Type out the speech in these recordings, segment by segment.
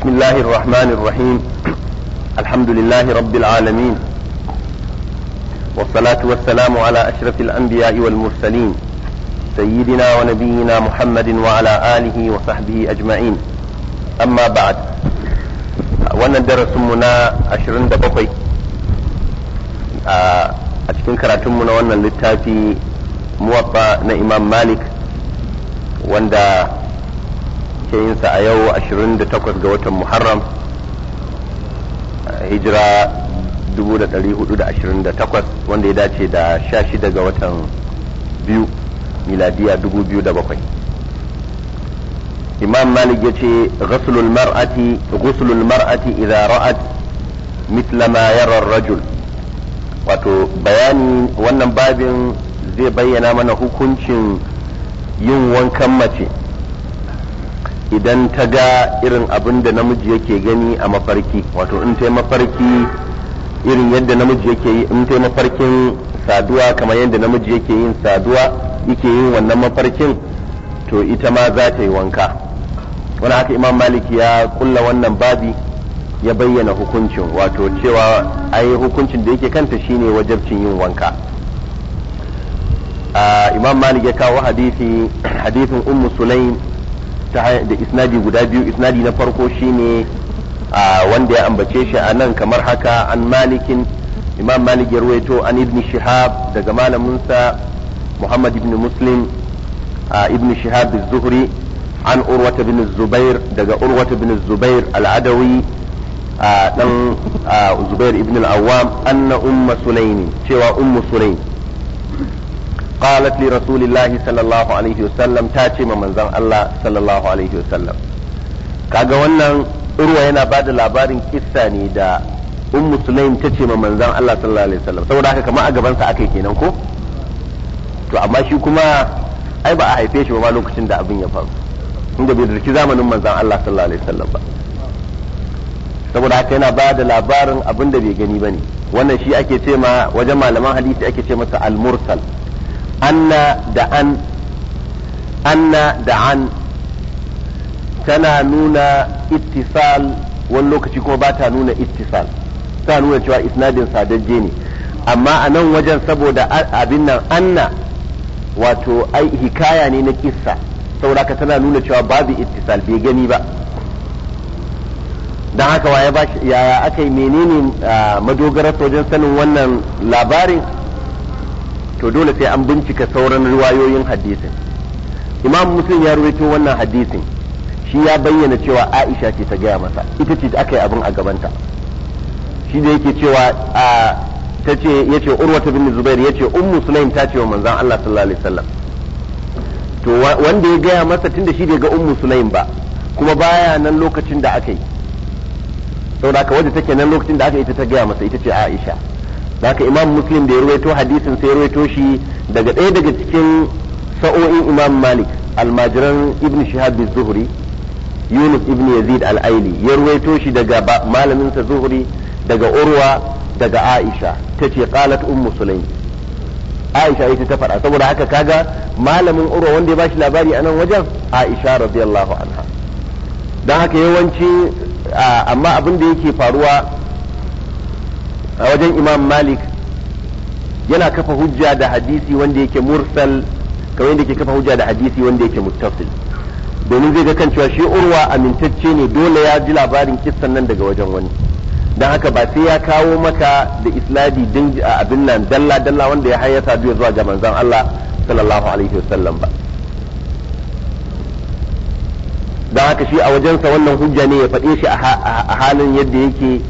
بسم الله الرحمن الرحيم الحمد لله رب العالمين والصلاة والسلام على أشرف الأنبياء والمرسلين سيدنا ونبينا محمد وعلى آله وصحبه أجمعين أما بعد وندرس منا عشرين دقيقة أشكن آه، كراتمنا وانا لتاتي موطأ إمام مالك وانا muke yin sa a yau 28 ga watan Muharram hijira 1428 wanda ya dace da 16 ga watan biyu miladiya 2007 imam malik ya ce ghuslul mar'ati ghuslul mar'ati idza ra'at mithla ma yara rajul wato bayani wannan babin zai bayyana mana hukuncin yin wankan mace idan ta ga irin abin da namiji yake gani a mafarki wato in ta mafarki irin yadda namiji yake yi in ta mafarkin saduwa kamar yadda namiji yake yin saduwa yake yin wannan mafarkin to ita ma za ta yi wanka wani haka imam malik ya kulla wannan babi ya bayyana hukuncin wato cewa ai hukuncin da yake kanta shine wajabcin yin wanka ah, imam malik ya kawo hadisi hadisin ummu sulaim da isnadi guda biyu isnadi na farko shine wanda ya ambace shi a nan kamar haka an malikin imam malik ya ruwaito an ibn shihab daga malaminsa muhammad ibn muslim ibn shihab zuhri an urwata bin zubair daga urwata bin zubair al'adawi dan zubair ibn al'awam anna umma sulaini cewa ummu sulaini. qalat li rasulillahi sallallahu alaihi wasallam ta ce ma manzon Allah sallallahu alaihi wasallam kaga wannan urwa yana bada labarin kissa ne da ummu sulaim ta ce ma manzon Allah sallallahu alaihi wasallam saboda haka kamar a gaban sa akai kenan ko to amma shi kuma ai ba a haife shi ba lokacin da abin ya faru inda bai dirki zamanin manzon Allah sallallahu alaihi wasallam ba saboda haka yana ba da labarin abin da bai gani bane wannan shi ake ce ma wajen malaman hadisi ake ce masa al-mursal anna da an anna da an tana nuna ittisal wani lokaci kuma ba ta nuna ittisal ta nuna cewa isnadin sadajje ne amma a nan wajen saboda abin nan anna wato ai hikaya ne na kissa saboda ka tana nuna cewa babu ittisal bai gani ba don haka waye ba yaya aka yi menene madogarar wajen sanin wannan labarin to dole sai an bincika sauran riwayoyin hadisin imam muslim ya ruwaito wannan hadisin shi ya bayyana cewa aisha ce ta gaya masa ita ce aka yi abin a gabanta shi da yake cewa a ta ce ya ce urwata bin zubair ya ce ummu sulaim ta ce wa manzan allah sallallahu alaihi wasallam to wanda ya gaya masa tun da shi da ga ummu sulaim ba kuma baya nan lokacin da aka yi saboda aka wadda take nan lokacin da aka yi ta gaya masa ita ce aisha zaka imam muslim da ya ruwaito hadisin sai ya ruwaito shi daga ɗaya daga cikin sa'o'in imam malik almajiran ibn shihab zuhri yunus ibn yazid al-aili ya ruwaito shi daga malaminsa zuhri daga urwa daga aisha ta ce qalat ummu sulaim aisha ita ta faɗa saboda haka kaga malamin urwa wanda ya bashi labari a nan wajen aisha radiyallahu anha don haka yawanci amma abin da yake faruwa a wajen imam malik yana kafa hujja da hadisi wanda yake mursal kamar yadda yake kafa hujja da hadisi wanda yake muttasil domin zai ga kan cewa shi urwa amintacce ne dole ya ji labarin kissan nan daga wajen wani dan haka ba sai ya kawo maka da isladi din a abin nan dalla dalla wanda ya hayyata biyu zuwa ga manzon Allah sallallahu alaihi wasallam ba dan haka shi a wajensa wannan hujja ne ya faɗe shi a halin yadda yake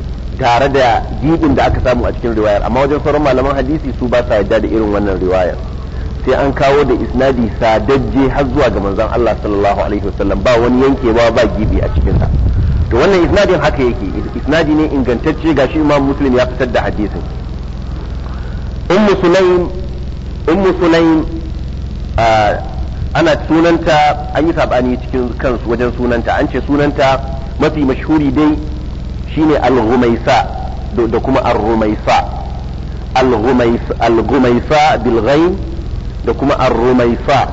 tare da jibin da aka samu a cikin riwayar amma wajen sauran malaman hadisi su ba sa yadda da irin wannan riwayar sai an kawo da isnadi sadajje har zuwa ga manzon Allah sallallahu alaihi wasallam ba wani yankewa ba gibi a cikin sa to wannan isnadin haka yake isnadi ne ingantacce gashi Imam Muslim ya fitar da hadisin Ummu Sulaim Ummu Sulaim ana sunanta an yi sabani cikin kansu wajen sunanta an ce sunanta mafi mashhuri dai shine al-ghumaisa da kuma ar-rumaisa al-ghumaisa bil ghain da kuma ar-rumaisa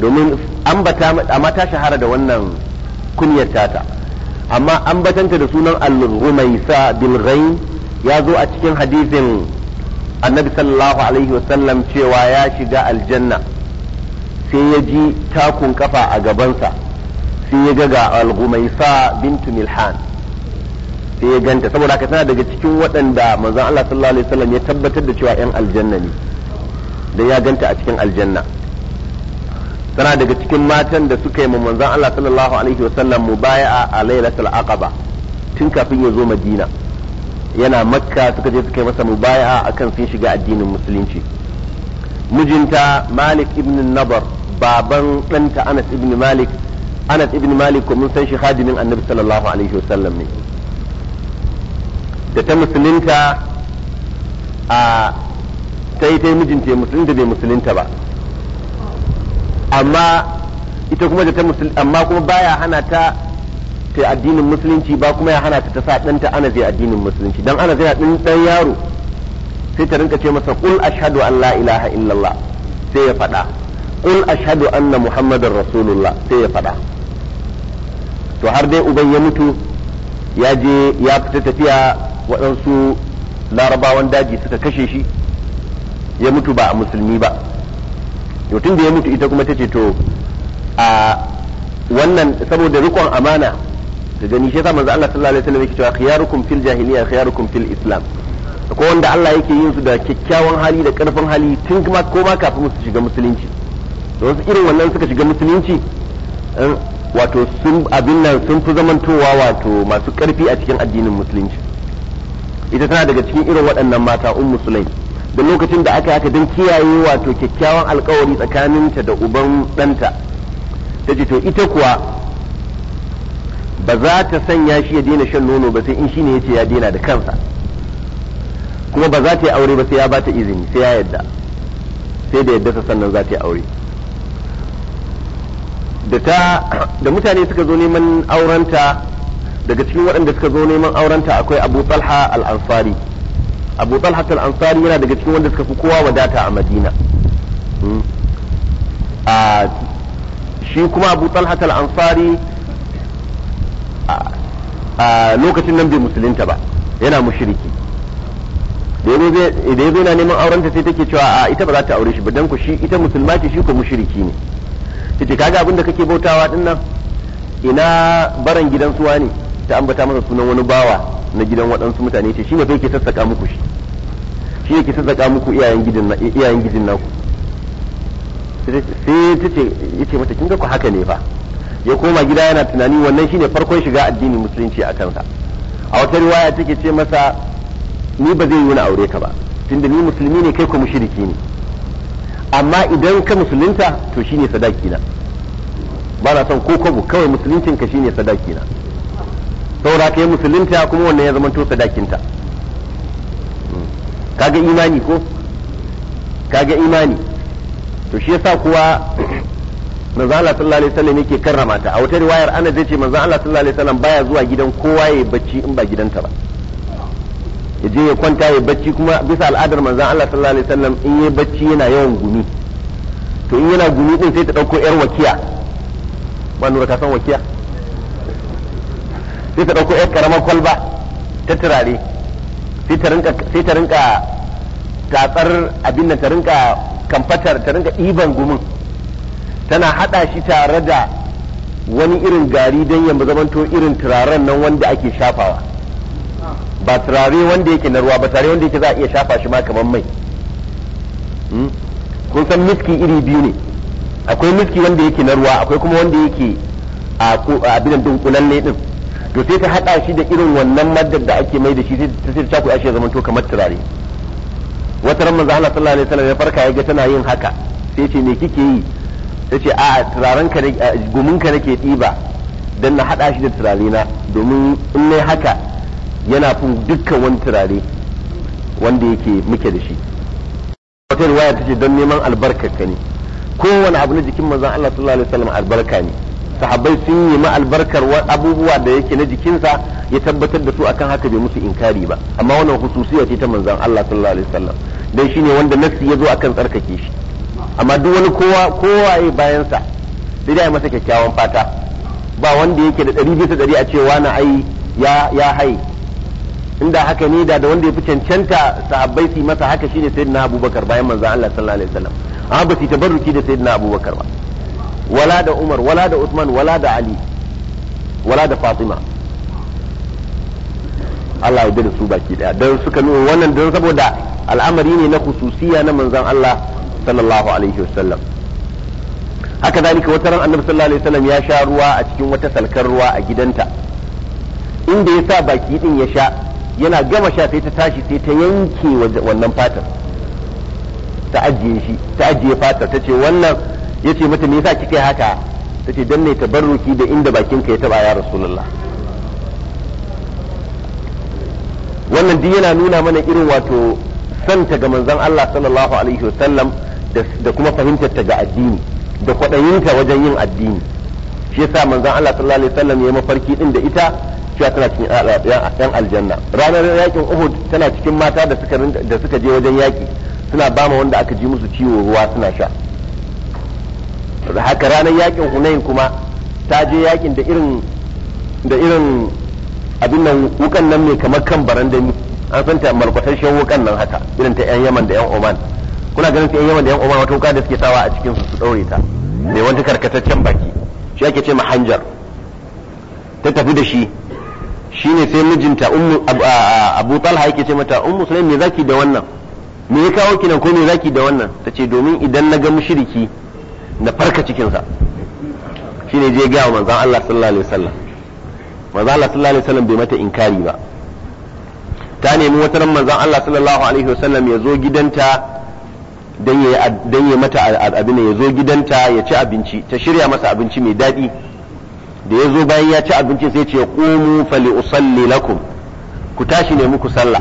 domin ambata amma ta shahara da wannan kunyar tata amma ambatanta da sunan al-ghumaisa bil ghain ya zo a cikin hadisin annabi sallallahu alaihi wasallam cewa ya shiga aljanna sai ya ji takun kafa a gabansa sai ya ga ga al-ghumaisa bintu milhan sai ya ganta saboda haka tana daga cikin waɗanda manzon Allah sallallahu alaihi wasallam ya tabbatar da cewa yan aljanna ne dan ya ganta a cikin aljanna tana daga cikin matan da suka yi manzon Allah sallallahu alaihi wasallam mubaya'a a lailatul aqaba tun kafin ya zo Madina yana makka suka je suka yi masa mubaya'a akan sun shiga addinin musulunci mijinta Malik ibn Nabar baban ɗanta Anas ibn Malik Anas ibn Malik ko mun san shi hadimin Annabi sallallahu alaihi wasallam ne da ta musulunta a ta yi ta yi mijinta ya musulunta bai musulunta ba amma ita kuma da ta musulunta amma kuma baya hana ta ta addinin musulunci ba kuma ya hana ta ta sa ɗanta ana zai addinin musulunci don ana zai ɗin ɗan yaro sai ta rinka ce masa a ashhadu an la ilaha illallah sai ya faɗa qul an anna muhammadar rasulullah sai ya faɗa to har dai uban ya mutu ya je ya fita tafiya waɗansu larabawan daji suka kashe shi ya mutu ba a musulmi ba to tun da ya mutu ita kuma ta ce to a wannan saboda rikon amana da gani shi yasa manzo Allah sallallahu alaihi wasallam yake cewa khiyarukum fil jahiliya khiyarukum fil islam ko wanda Allah yake yin su da kyakkyawan hali da karfin hali tun kuma ko ma kafin su shiga musulunci da wasu irin wannan suka shiga musulunci wato sun abin nan sun fi zamantowa wato masu karfi a cikin addinin musulunci ita tana daga cikin irin waɗannan mata ummu sulaim da lokacin da aka haka don kiyaye wato kyakkyawan alkawari tsakaninta da uban ɗanta ta ce to ita kuwa ba za ta sanya shi ya daina shan nono ba sai in shi ne ya ce ya daina da kansa kuma ba za ta yi aure ba sai ya ba ta izini sai ya yadda sai da yadda sannan za ta yi aure da ta da mutane suka zo neman aurenta daga cikin waɗanda suka zo neman aurenta akwai abu talha al-ansari abu talha al-ansari yana daga cikin wanda suka fi kowa wadata a madina hmm. shi kuma abu talha al-ansari a lokacin nan bai musulunta ba yana mushriki da ya zo yana neman aurenta sai take cewa a ita ba za ta aure shi ba dan ku shi ita musulma ce shi ko mushriki ne kace kaga abin da kake bautawa dinnan ina baran gidan suwa ne ta ambata masa sunan wani bawa na gidan waɗansu mutane ce shi ne zai ke sassaƙa muku shi shi ne ke sassaƙa muku iyayen gidan iyayen gidan naku sai ta ce yace mata kin ga ku haka ne fa ya koma gida yana tunani wannan shine farkon shiga addinin musulunci a kansa a wata riwaya take ce masa ni ba zai yi wani aure ka ba tunda ni musulmi ne kai ku mushriki ne amma idan ka musulunta to shine sadaki na ba na son ko kwabo kawai musuluncin ka shine sadaki na saura ka yi musulunta kuma wannan ya zama tosa dakinta hmm. kaga imani ko kaga imani to shi yasa kuwa manzo Allah sallallahu alaihi wasallam yake karrama ta a wata riwayar ana zai ce manzo Allah sallallahu alaihi wasallam baya zuwa gidan kowa ya bacci in ba gidanta ba ya je ya kwanta ya bacci kuma bisa al'adar manzo Allah sallallahu alaihi wasallam in yayi bacci yana yawan gumi to in yana gumi din sai ta dauko yar wakiya ba nura ka san wakiya sai ta ɗauko yar karamar kwalba ta turare sai ta rinka tatsar abin da ta rinka kamfatar ta rinka ɗiban gumin tana haɗa shi tare da wani irin gari don yamma zamanto irin turaren nan wanda ake shafawa ba turare wanda yake na ruwa ba turare wanda yake za a iya shafa shi ma kamar mai hmm? kun san miski iri biyu ne akwai miski wanda yake na ruwa akwai kuma wanda yake a abin dunkulalle din to sai ta hada shi da irin wannan maddar da ake mai da shi ta sai ta ta ku ashe zaman to kamar turare wata ran manzo Allah sallallahu alaihi wasallam ya farka yaga tana yin haka sai ce me kike yi ta ce a turaren ka gumin ka nake ɗiba dan na hada shi da turare na domin in ne haka yana fin dukkan wani turare wanda yake muke da shi wata ruwaya tace don neman albarka ka ne kowane abu na jikin manzo Allah sallallahu alaihi wasallam albarka ne sahabbai sun yi ma albarkar abubuwa da yake na jikinsa ya tabbatar da su akan haka bai musu inkari ba amma wannan hususiya ce ta manzon Allah sallallahu alaihi wasallam dan shine wanda nassi ya zo akan tsarkake shi amma duk wani kowa kowa ya bayan sa sai dai masa kyakkyawan fata ba wanda yake da ɗari bisa ɗari a cewa na ai ya ya hai inda haka ne da da wanda ya fi cancanta sahabbai su masa haka shine sayyidina Abubakar bayan manzon Allah sallallahu alaihi wasallam amma ba su tabarruki da sayyidina Abubakar ba wala da Umar wala da عثمان wala da Ali wala da فاطمة Allah ya da su baki daya don suka nuna wannan don saboda al'amari ne na صلى na عليه Allah sallallahu alaihi haka zalika wata ran annabi sallallahu alaihi wasallam ya sha ruwa a cikin wata salkar ruwa a gidanta inda ya sa baki din ya sha yana gama sha sai ta tashi sai ta yanke wannan fatar ta ajiye shi ta ajiye fatar ta ce wannan ya ce mata me yasa kika haka tace dan ne tabarruki da inda bakinka ya taba ya rasulullah wannan duk yana nuna mana irin wato santa ga manzon Allah sallallahu alaihi wasallam da kuma fahimtar ta ga addini da kwaɗayinta wajen yin addini shi yasa manzon Allah sallallahu alaihi wasallam ya mafarki din da ita cewa tana cikin yan aljanna ranar yakin Uhud tana cikin mata da suka da suka je wajen yaki suna bama wanda aka ji musu ciwo ruwa suna sha haka ranar yakin hunayin kuma ta je yakin da irin da irin abin nan wukan nan mai kamar kan barandami an san ta malkwatarshen wukan nan haka irin ta yan yaman da yan oman kuna ganin ta yan yaman da yan oman wata wuka da suke sawa a cikin su su daure ta mai wani karkataccen baki shi ake ce mahanjar ta tafi da shi shi ne sai mijinta abu talha yake ce mata ummu sulaim me zaki da wannan me ya kawo ki nan ko me zaki da wannan tace domin idan na ga mushriki na farka cikinsa shi ne je ga wa manzan Allah sallallahu alaihi wasallam manzan Allah sallallahu alaihi wasallam bai mata inkari ba ta nemi wata ran manzan Allah sallallahu alaihi wasallam ya zo gidanta dan ya mata abin ya zo gidanta ya ci abinci ta shirya masa abinci mai daɗi da ya zo bayan ya ci abinci sai ce qumu fali usalli lakum ku tashi ne muku sallah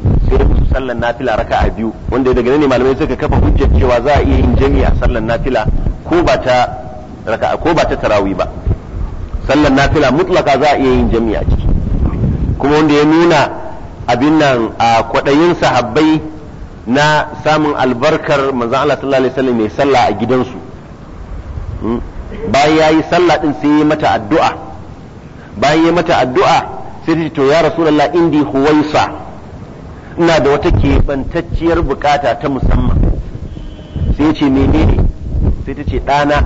sai ku sallan nafila raka a biyu wanda daga ne malamai suka kafa hujjar cewa za a iya yin jami'a sallan nafila ko ba ta raka ko ba ta tarawi ba sallan nafila mutlaka za a iya yin jami'a ciki kuma wanda ya nuna abin nan a kwaɗayin sahabbai na samun albarkar manzon Allah sallallahu alaihi wasallam mai sallah a gidansu hmm? bayan ya yi sallah din sai ya mata addu'a bayan ya mata addu'a sai ta ce to ya rasulullah indi huwaisa ina da wata keɓantacciyar bukata ta musamman sai ce menene sai ta ce ɗana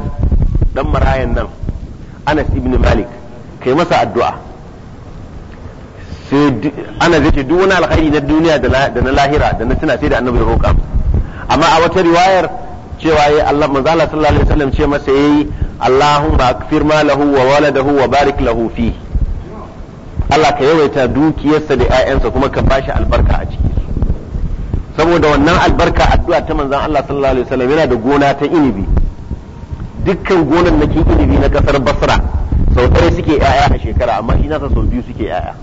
ɗan marayan nan anas ibn malik kai masa addu'a sai ana zai ce duk wani alkhairi na duniya da na lahira da na tuna sai da annabi roƙa amma a wata riwayar cewa ya Allah manzo Allah sallallahu alaihi wasallam ce masa yayi Allahumma akfir ma lahu wa waladahu wa barik lahu fi Allah ka yawaita dukiyarsa da 'ya'yansa kuma ka bashi albarka a ciki saboda wannan albarka addu'a ta manzon Allah sallallahu alaihi wasallam yana da gona ta inibi dukkan gonan nake inibi na kasar Basra sau ɗaya suke 'ya'ya a shekara amma shi nasa sau biyu suke 'ya'ya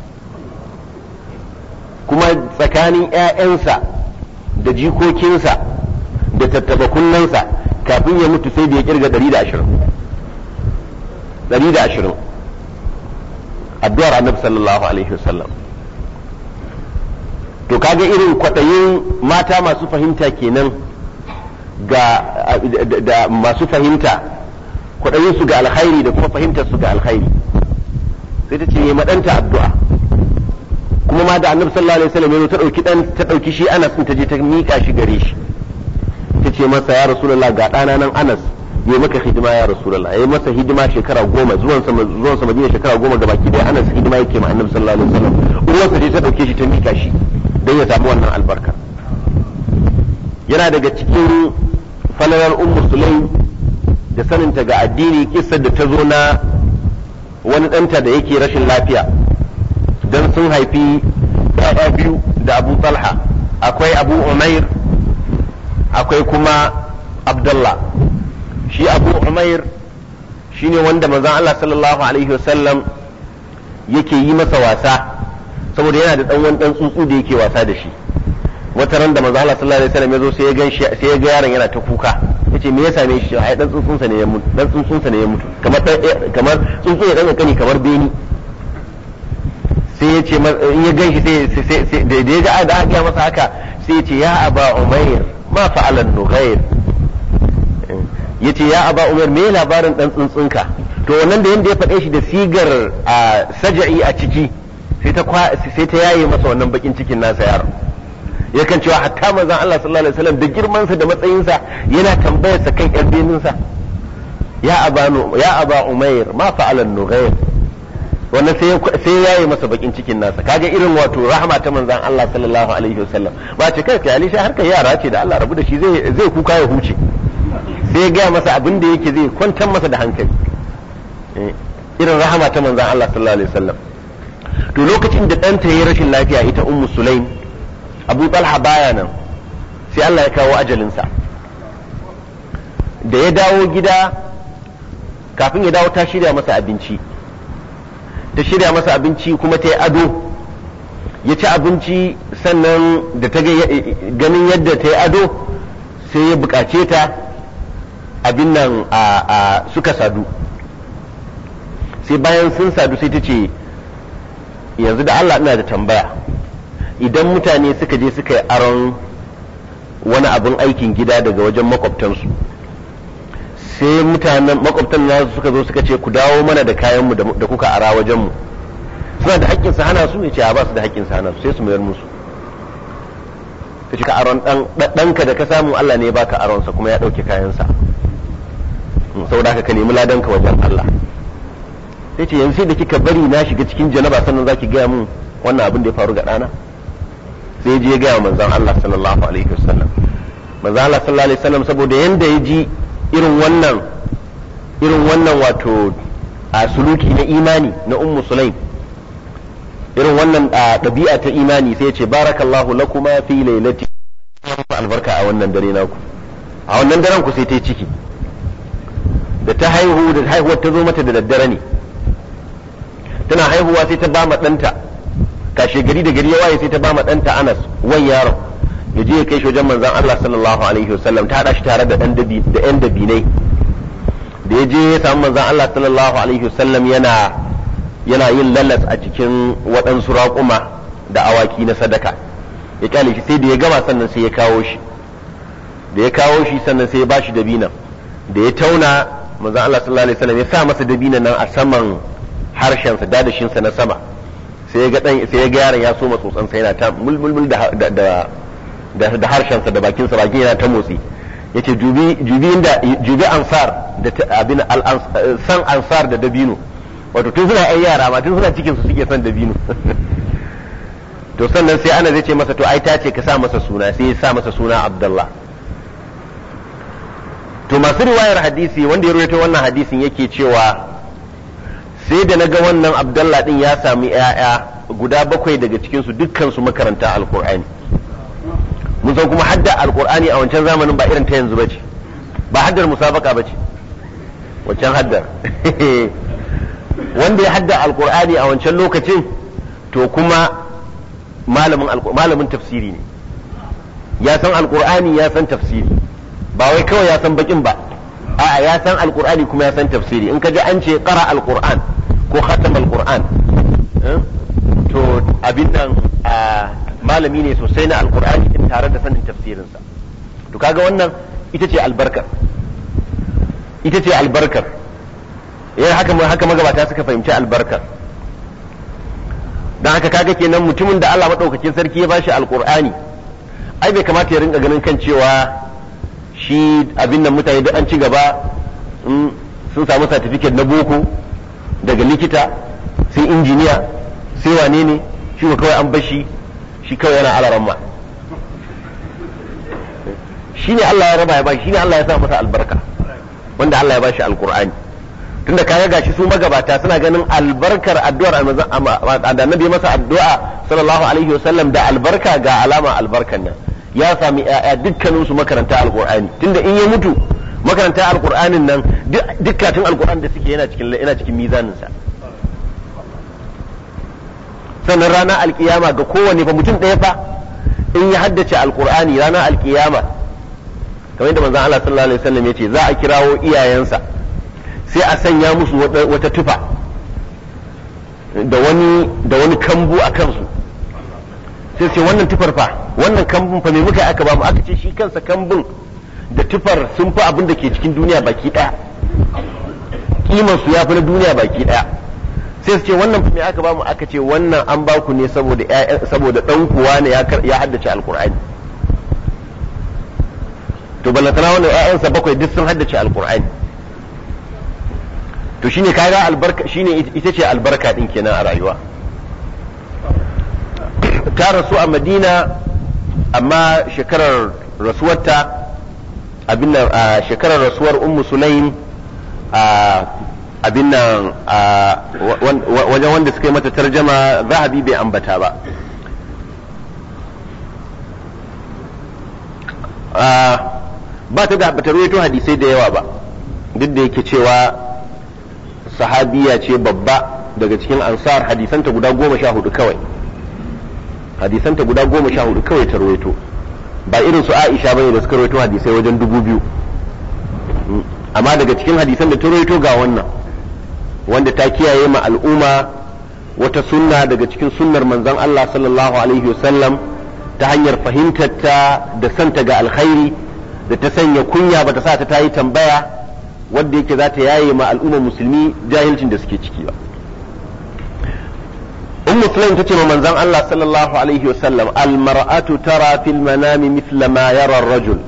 kuma tsakanin 'ya'yansa da jikokinsa da tattaba kunnansa kafin ya mutu sai da ya kirga 120 addu'ar annabi sallallahu alaihi wasallam to kaga irin kwaɗayin mata masu fahimta kenan ga da masu fahimta kwaɗayin su ga alkhairi da kuma fahimtar su ga alkhairi sai ta ce ya maɗanta addu'a kuma ma da annabi sallallahu alaihi wasallam yazo ta dauki dan ta dauki shi Anas ta je ta mika shi gare shi ce masa ya rasulullah ga dana nan Anas yi maka hidima ya rasulullah yi masa hidima shekara goma zuwan sama zuwan sama madina shekara goma gabaki baki daya ana hidima yake ma annabi sallallahu alaihi wasallam uwarsa ce ta dauke shi ta mika shi dan ya samu wannan albarka yana daga cikin falalar ummu sulaim da saninta ga addini kissar da ta zo na wani ɗanta da yake rashin lafiya dan sun haifi ɗaya biyu da abu talha akwai abu umair akwai kuma abdullah shi abu umair shine wanda manzon Allah sallallahu alaihi wasallam yake yi masa wasa saboda yana da dan wani dan tsutsu da yake wasa da shi wata ran da manzon Allah sallallahu alaihi wasallam ya zo sai ya ganshi sai ya ga yaron yana ta kuka yace me ya same shi ai dan tsuntsunsa ne ya mutu dan tsuntsunsa ne ya mutu kamar eh, kamar tsuntsun ya dan kani kamar beni sai ya ce in ya ganshi sai sai da ya ga da aka masa haka sai ya yace ya aba umair ma fa'alan nughayr yace ya aba umar me labarin dan tsuntsunka to wannan da yanda ya faɗe shi da sigar a sajai a ciki sai ta sai ta yaye masa wannan bakin cikin nasa yaro kan cewa hatta manzon Allah sallallahu alaihi wasallam da girman sa da matsayin sa yana tambayar sa kan yar sa ya aba ya aba umair ma fa'ala nughair wannan sai sai yaye masa bakin cikin nasa kaga irin wato rahama ta manzon Allah sallallahu alaihi wasallam ba ce kai kai alisha harkar yara ce da Allah rabu da shi zai zai kuka ya huce sai gaya masa abin da yake zai kwantar masa da hankali eh, irin rahama ta manzan Allah sallallahu alaihi wasallam to lokacin da ɗanta ya rashin lafiya ita ummu sulaim abu talha baya nan sai Allah ya kawo ajalinsa da ya dawo gida kafin ya dawo ta shirya masa abinci ta shirya masa abinci kuma ta yi ado ya ci abinci sannan da ta ganin yadda ta yi ado sai ya bukace ta abin nan suka sadu sai bayan sun sadu sai ta ce yanzu da Allah ina da tambaya idan mutane suka je suka yi aron wani abin aikin gida daga wajen makwabtansu sai mutanen makwabtan na suka zo suka ce ku dawo mana da kayanmu da kuka ara wajenmu suna da haƙƙin su hana su ne ce a ba su da haƙƙin su hana su sai su mayar musu ka aron ɗanka da ka samu Allah ne ya baka aronsa kuma ya ɗauke kayansa saboda haka ka nemi ladanka wajen Allah sai ce yanzu sai da kika bari na shiga cikin janaba sannan zaki gaya mun wannan abin da ya faru ga ɗana sai je gaya manzon Allah sallallahu alaihi wasallam manzon Allah sallallahu alaihi wasallam saboda yanda ya ji irin wannan irin wannan wato a suluki na imani na ummu sulaim irin wannan a ɗabi'a ta imani sai ya ce barakallahu lakuma fi lailati albarka a wannan dare naku a wannan daren ku sai ta ciki da ta haihu da haihuwar ta zo mata da daddare ne tana haihuwa sai ta ba ma ɗanta kashe gari da gari ya waye sai ta ba ma ɗanta anas wani yaron ya je ya kai shi wajen manzon Allah sallallahu alaihi wasallam ta haɗa shi tare da ɗan dabi da ɗan dabinai da ya je ya samu manzon Allah sallallahu alaihi wasallam yana yana yin lalas a cikin waɗansu raƙuma da awaki na sadaka ya kyale shi sai da ya gama sannan sai ya kawo shi da ya kawo shi sannan sai ya ba shi dabinan da ya tauna manzo Allah sallallahu alaihi wasallam ya sa masa dabina nan a saman harshen sa dadashin sa na sama sai ya ga dan sai ya ga yaron ya masa tsotsan sai yana ta mulmulmul da da da harshen sa da bakin sa bakin yana ta motsi yace dubi dubi inda dubi ansar da abin al san ansar da dabino wato tun suna ai yara ma tun suna cikin su suke san dabino to sannan sai ana zai ce masa to ai ta ce ka sa masa suna sai ya sa masa suna abdullahi to masu riwayar hadisi wanda ya rawaito wannan hadisin yake cewa sai da naga wannan abdallah din ya sami yaya guda bakwai daga cikin su dukkan su makaranta alqur'ani mun san kuma hadda alqur'ani a wancan zamanin ba irin ta yanzu bace ba haddar musabaka bace wancan haddar wanda ya hadda alqur'ani a wancan lokacin to kuma malamin malamin tafsiri ne ya san alqur'ani ya san tafsiri ba wai kawai ya san bakin ba a'a ya san alqur'ani kuma ya san tafsiri in ka ji an ce qara alqur'an ko khatam alqur'an eh, to abin nan malami ne sosai na alqur'ani in tare da sanin tafsirinsa to kaga wannan ita ce albarkar ita ce albarkar yayin eh, haka haka magabata suka fahimci albarkar dan haka kaga kenan mutumin da Allah madaukakin sarki ya bashi alqur'ani ai bai kamata ya rinka ganin kan cewa shi abin nan mutane da an ci gaba sun samu certificate na boko daga likita sai injiniya sai wane ne shi ko kawai an bashi shi kawai yana alaramma shi ne Allah ya raba ya bashi shi ne Allah ya sa masa albarka wanda Allah ya bashi alkur'ani tunda kaga gashi su magabata suna ganin albarkar addu'ar annabi masa addu'a sallallahu alaihi wasallam da albarka ga alama albarkan nan ya sami ya'ya dukkaninsu makaranta alkur'ani tunda in ya mutu makaranta alkur'anin nan dukkatun karatun da suke yana cikin yana cikin mizaninsa sannan rana alkiyama ga kowane fa mutum ɗaya fa in ya haddace alkur'ani rana alkiyama kamar yadda manzon Allah sallallahu alaihi wasallam yace za a kirawo iyayensa sai a sanya musu wata tufa da wani da wani kambu a kansu sai sai wannan tufar fa wannan kambun fa me muka aka ba mu aka ce shi kansa kambun da tufar sun fi abin da ke cikin duniya baki daya kiman su ya fi na duniya baki daya sai su ce wannan fa me aka ba mu aka ce wannan an ba ku ne saboda saboda dan kuwa ne ya haddace alqur'ani to balantana wannan ƴaƴansa bakwai duk sun haddace alqur'ani to shine kaga albarka shine ita ce albarka din kenan a rayuwa ta rasu a madina amma shekarar rasuwarta abin a shekarar rasuwar ummu Sunayin a abin nan wajen wanda suka yi mata tarjama zahabi bai ambata ba ba ta da bata hadisai da yawa ba duk da yake cewa sahabiya ce babba daga cikin ansar hadisanta guda goma sha hudu kawai hadisanta guda goma sha hudu kawai ta rawaito ba irin su aisha bane da suka rawaito hadisai wajen dubu biyu amma daga cikin hadisan da ta rawaito ga wannan wanda ta kiyaye ma al'umma wata sunna daga cikin sunnar manzon Allah sallallahu alaihi wasallam ta hanyar fahimtarta da santa ga alkhairi da ta sanya kunya ba ta sa ta yi tambaya wanda yake za ta yaye ma al'ummar musulmi jahilcin da suke ciki ba ummu sulaim ce ma manzon Allah sallallahu alaihi wasallam al mar'atu tara fil manami mithla ma yara rajul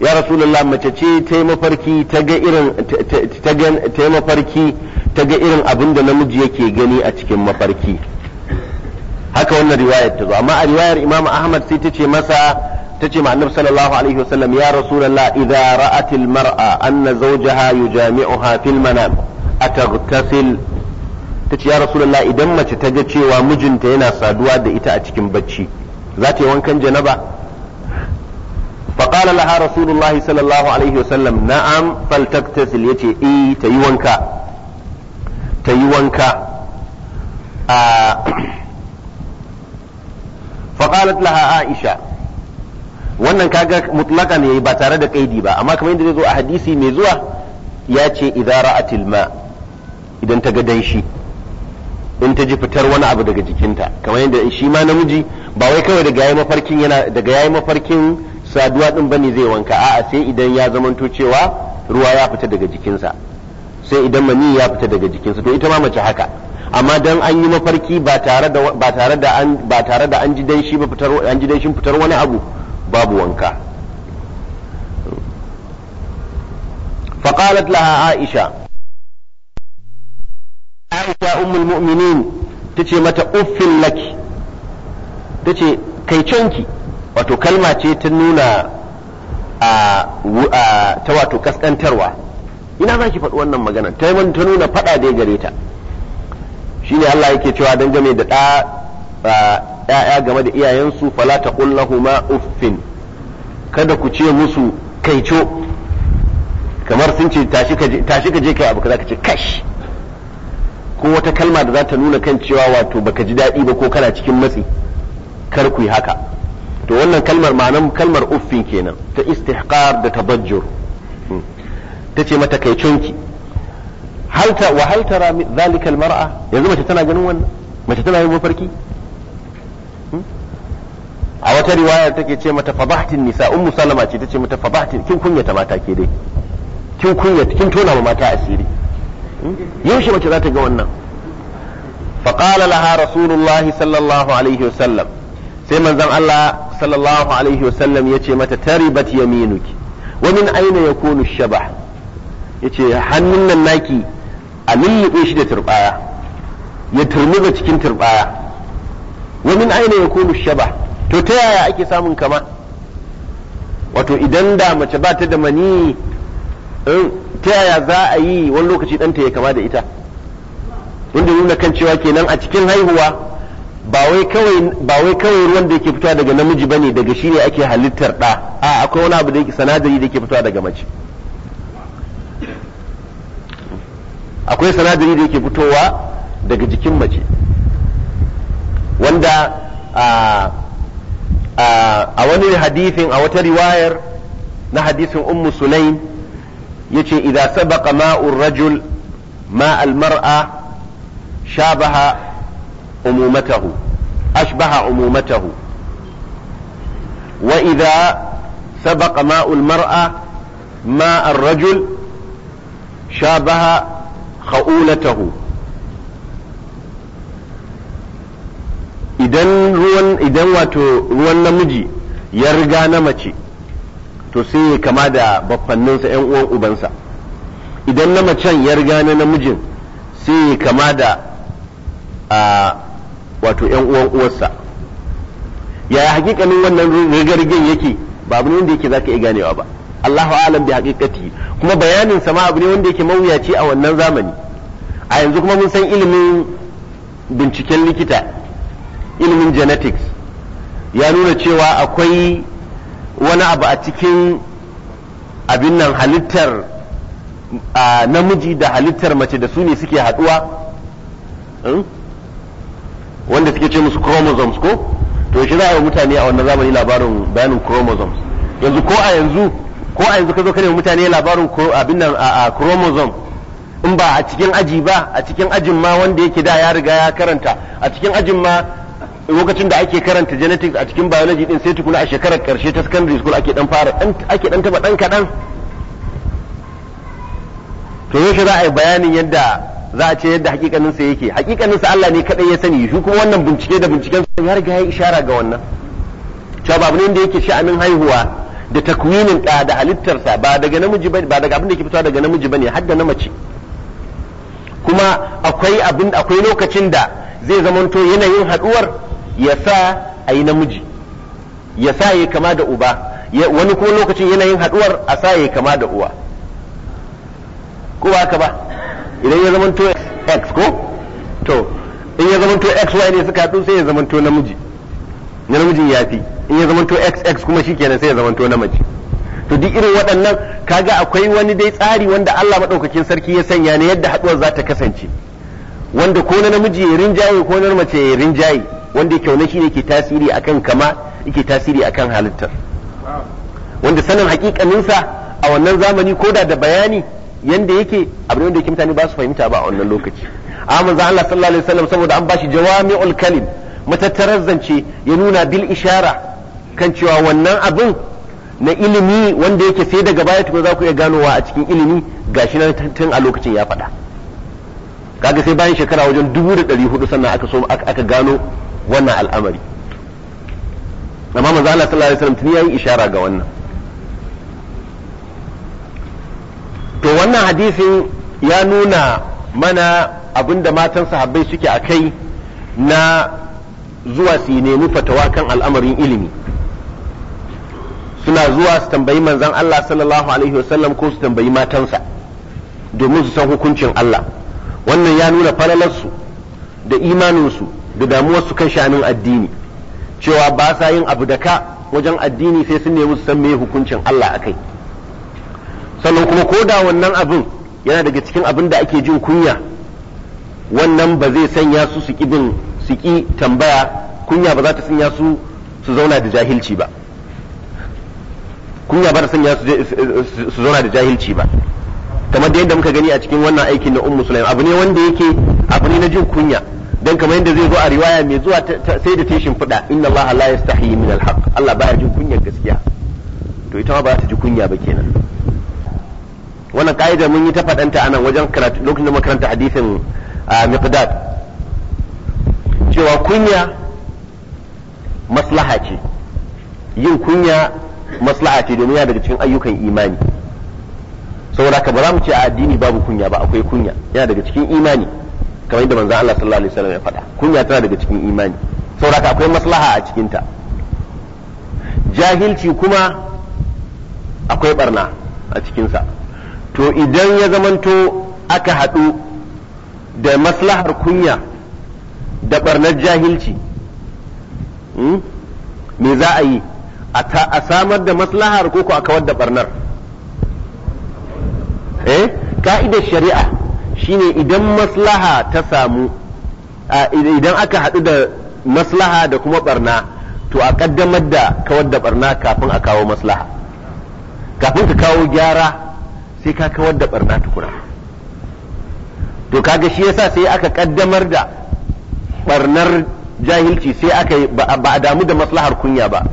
ya rasulullah mace ce ta yi mafarki ta ga irin ta yi mafarki ta ga irin abin da namiji yake gani a cikin mafarki haka wannan riwayar ta zo amma a riwayar imam ahmad sai ta ce masa ta ce ma annabi sallallahu alaihi wasallam ya rasulullah idza ra'at al mar'a anna zawjaha yujami'uha fil manam ataghtasil ta ce ya rasulullah idan mace ta ga cewa mijinta yana saduwa da ita a cikin bacci za ta yi wankan janaba فقال لها رسول الله alaihi الله عليه وسلم نعم فلتغتسل يتي اي تي وانكا تي وانكا آه فقالت لها عائشة wannan kaga mutlaka ne ba tare da kaidi ba amma kamar yadda zai zo a hadisi mai zuwa ya ce idara ra'atil ma idan ta ga danshi in ta ji fitar wani abu daga jikinta kamar yadda shi ma namiji ba wai kawai daga yayi mafarkin yana daga yayi mafarkin saduwa din bane zai wanka a'a sai idan ya zamanto cewa ruwa ya fita daga jikinsa sai idan mani ya fita daga jikinsa to ita ma mace haka amma dan an yi mafarki ba tare da ba tare da an ba tare da an ji danshi ba fitar an ji danshin fitar wani abu babu wanka faqalat laha aisha aisha ummul mu'minin tace mata uffin laki tace kai canki wato kalma ce ta nuna ta wato kaskantarwa ina za ki faɗi wannan magana ta ta nuna faɗa da gare ta shine Allah yake cewa dan game da ɗaya game da iyayensu fala ta taqul ma uffin kada ku ce musu kaico kamar sun ce tashi ka je kai abu kaza ka ce kashi. ko wata kalma da za ta nuna kan cewa wato baka ji daɗi ba ko kana cikin matsi kar ku yi haka to wannan kalmar ma'anar kalmar uffin kenan ta istihqar da tabajjur hmm. ta ce mata kai cunki hal ta wa hal tara zalika almar'a yanzu mace tana ganin wannan mace tana yin mafarki hmm. a wata riwaya take ce mata fadahtin nisa ummu salama ce tace mata fadahtin kin kunyata mata ke dai kin kunyata kin tona mata asiri yaushe mace za ta ga wannan faƙala laha rasulullahi sallallahu alaihi wasallam sai manzan Allah sallallahu alaihi wasallam ya ce mata taribat yaminuki wa min aina yakunu shabah yace hannun nan naki a lullube shi da turbaya ya turmuga cikin turbaya wa min aina yakunu shabah to ta yaya ake samun kama wato idan da mace ba ta da mani. Eh, ta yaya za a yi wani lokaci ɗanta ya kama da ita wanda nuna kan cewa kenan a cikin haihuwa ba wai kawai ruwan da yake fitowa daga namiji bane daga shi ne ake halittar ɗa a akwai wani abu da yake sanadari da yake fitowa daga mace akwai sanadari da yake fitowa daga jikin mace wanda a wani hadithin a wata riwayar na hadisin ummu sulaim يجي إذا سبق ماء الرجل ماء المرأة شابه أمومته أشبه أمومته وإذا سبق ماء المرأة ماء الرجل شابه خؤولته إذا هو إذا واتو روان نمجي يرجع نمجي to sai ya kama da baffanninsa yan uwan ubansa idan na macen ya riga na namijin sai ya kama da wato yan uwan uwarsa yaya hakikanin wannan rigargin yake ba abu ne wanda yake zaka iya ganewa ba Allahu alam bi haqiqati kuma bayanin sama abu ne wanda yake mawuyaci a wannan zamani a yanzu kuma mun san ilimin binciken likita ilimin genetics ya nuna cewa akwai wani abu a cikin abin nan halittar namiji da halittar mace da su ne suke haɗuwa hmm? wanda suke ce musu chromosomes ko to shi za a yi mutane a wannan zamani labarin bayanin chromosomes yanzu ko a yanzu ko a yanzu ka zo ka nemi mutane labarin abin nan a chromosome in ba a cikin aji ba a cikin ajin ma wanda yake da ya riga ya karanta a cikin ajin ma lokacin da ake karanta genetics a cikin biology din sai tukuna a shekarar karshe ta secondary school ake dan fara ake dan taba dan kadan to yaushe za a yi bayanin yadda za a ce yadda hakikanin sa yake hakikanin sa Allah ne kadai ya sani shi kuma wannan bincike da binciken sa ya riga ya ishara ga wannan cewa babu ne da yake sha'anin haihuwa da takwimin da da halittar sa ba daga namiji ba ba daga abin da yake fitowa daga namiji bane har da na mace kuma akwai abin akwai lokacin da zai zamanto yanayin haduwar ya sa a yi namiji ya sa ya kama da uba wani kuma lokacin yanayin haduwar a sa ya kama da uwa ko ba haka ba idan ya zamanto x ko to in ya zamanto Y ne suka haɗu sai ya zamanto namiji na namijin ya fi in ya zamanto X kuma shi kenan sai ya zamanto namiji to duk irin waɗannan kaga akwai wani dai tsari wanda Allah madaukakin sarki ya sanya ne yadda haɗuwar za ta kasance wanda ko na namiji ya rinjaye ko na mace ya rinjaye wanda yake shi ne ke tasiri akan kama yake tasiri akan halittar wanda sanin hakikaninsa a wannan zamani ko da bayani yanda yake abin wanda yake mutane ba su fahimta ba a wannan lokaci amma za Allah sallallahu alaihi wasallam saboda an bashi jawami'ul kalim matattarar zance ya nuna bil ishara kan cewa wannan abin na ilimi wanda yake sai daga baya tukun za ku iya ganowa a cikin ilimi gashi nan tun a lokacin ya faɗa kaga sai bayan shekara wajen dubu da ɗari hudu sannan aka aka gano wannan al'amari amma manzo Allah sallallahu alaihi wasallam yayi ishara ga wannan to wannan hadisin ya nuna mana abinda matan sahabbai suke a kai na zuwa su nemi fatawa kan al'amarin ilimi suna zuwa su tambayi manzan Allah sallallahu alaihi wasallam ko su tambayi matansa domin su san hukuncin Allah wannan ya nuna falalarsu da imaninsu da damuwar su kan shanin addini cewa ba sa yin abu da ka wajen addini sai sun nemi su san me hukuncin Allah akai sannan kuma ko da wannan abin yana daga cikin abin da ake jin kunya wannan ba zai sanya su su kibin su ki tambaya kunya ba za ta sanya su su zauna da jahilci ba kunya ba ta sanya su zauna da jahilci ba kamar da yadda muka gani a cikin wannan aikin na ummu sulaim abu ne wanda yake abu ne na jin kunya dan kamar yadda zai zo a riwaya mai zuwa sai da tashin fada inna Allah la yastahi min al-haq Allah baya jin kunyar gaskiya to ita ba ta ji kunya ba kenan wannan ka'ida mun yi ta fadanta anan wajen karatu lokacin da makaranta hadisin miqdad cewa kunya maslaha ce yin kunya maslaha ce domin yana daga cikin ayyukan imani saboda ka ba za mu ce a addini babu kunya ba akwai kunya yana daga cikin imani kamar yadda manzo Allah sallallahu alaihi wasallam ya faɗa kunya tana daga cikin imani saboda akwai maslaha a cikin ta jahilci kuma akwai barna a cikinsa to idan ya zamanto aka haɗu da maslahar kunya da barnar jahilci hmm, me za a yi a samar da maslahar ko ko a kawar da barnar eh ka'idar shari'a shine idan maslaha ta samu idan aka haɗu da maslaha da kuma barna to a ƙaddamar da kawar da barna kafin a kawo maslaha kafin ka kawo gyara sai ka kawar da barna tukuna to kaga shi yasa sai aka ƙaddamar da barnar jahilci sai aka ba a damu da maslahar kunya ba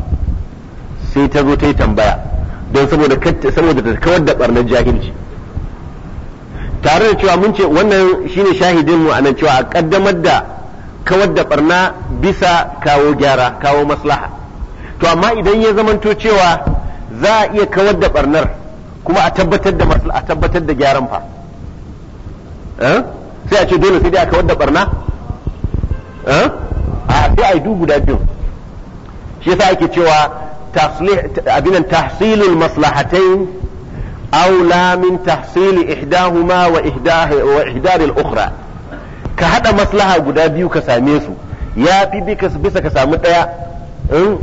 sai ta zo ta yi tambaya don saboda ta kawar da barnar jahilci tare da cewa mun ce wannan shine shahidin mu anan cewa a kaddamar da kawar da barna bisa kawo gyara kawo maslaha to amma idan ya zamanto cewa za a iya kawar da barnar kuma a tabbatar da a tabbatar da gyaran fa eh? sai a ce dole sai dai a kawar da barna eh? a sai a yi du guda biyu shi yasa ake cewa abinan tahsilul maslahatain aula من تحصيل ihdahuma ka hada maslaha guda biyu ka same bisa ka samu daya in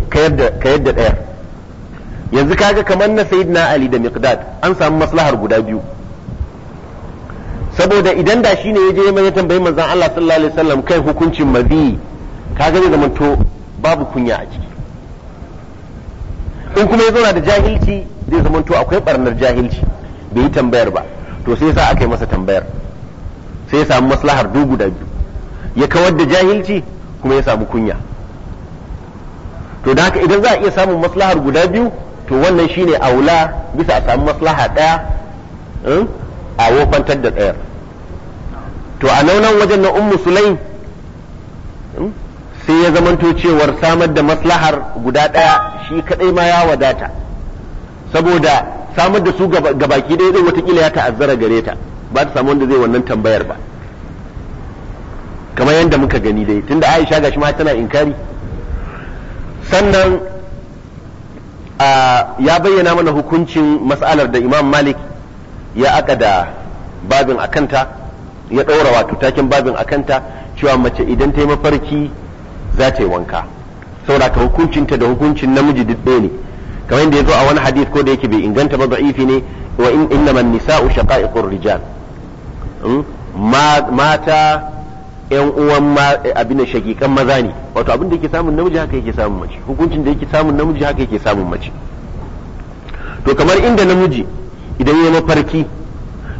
yanzu kaga kamar na ali da an saboda idan da shine yaje ya tambayi manzon Allah sallallahu alaihi wasallam kai hukuncin mazi kaga babu kunya a ciki in kuma ya zauna da jahilci zai to akwai barnar jahilci bai yi tambayar ba to sai sa aka yi masa tambayar sai ya samu maslahar du guda biyu ya kawar da jahilci kuma ya samu kunya to da haka idan za a iya samun maslahar guda biyu to wannan shine aula bisa a samu maslaha ɗaya hmm, a wofantar da tsayar to a naunan wajen na ummu sulai hmm, sai ya zamanto cewar samar da maslahar guda ɗaya shi kadai ma ya wadata saboda samar da su ga baki ɗaya ɗin watakila ya ta'azzara gare ta ba ta samu wanda zai wannan tambayar ba kamar yadda muka gani dai tunda Aisha gashi ma tana inkari sannan ya bayyana mana hukuncin mas'alar da Imam Malik ya aka da babin akanta ya ɗaura wato takin babin akanta cewa mace idan ta yi mafarki za ta yi wanka saboda ka hukuncinta da hukuncin namiji duk ɗaya ne kamar yadda ya zo a wani hadith ko da yake bai inganta ba da'ifi ne wa in innama nisa'u shaqa'iqur rijal hmm? mata yan uwan abin shakikan maza ne wato abin da yake samun namiji haka yake samun mace hukuncin da yake samun namiji haka yake samun mace to kamar inda namiji idan ya mafarki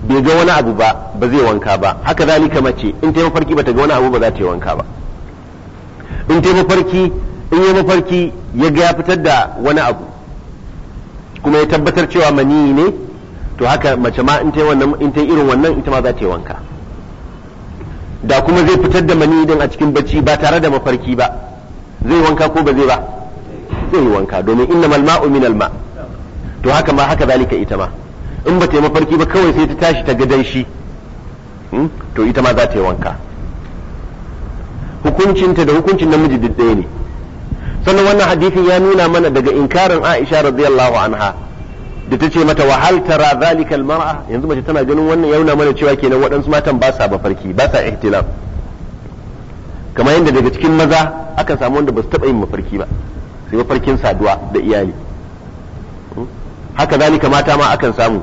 bai ga wani abu ba ba zai wanka ba haka zalika mace in ta yi mafarki bata ga wani abu ba za ta yi wanka ba in ta yi mafarki in ya mafarki ya ga ya fitar da wani abu kuma ya tabbatar cewa mani ne to haka mace ma in ta wannan in ta irin wannan ita ma za ta yi wanka da kuma zai fitar da mani din a cikin bacci ba tare da mafarki ba zai wanka ko ba zai ba zai yi wanka domin innamal ma'u min ma to haka ma haka zalika ita ma in ba ta yi mafarki ba kawai sai ta tashi ta ga shi hmm? to ita ma za ta yi wanka hukuncinta da hukuncin namiji duk ɗaya ne sannan wannan hadisin ya nuna mana daga inkarin Aisha radiyallahu anha da ta ce mata wa hal tara zalikal mar'a yanzu mace tana ganin wannan ya nuna mana cewa kenan waɗansu matan ba sa mafarki ba sa ihtilaf kamar yadda daga cikin maza akan samu wanda ba su taɓa yin mafarki ba sai mafarkin saduwa da iyali haka zalika mata ma akan samu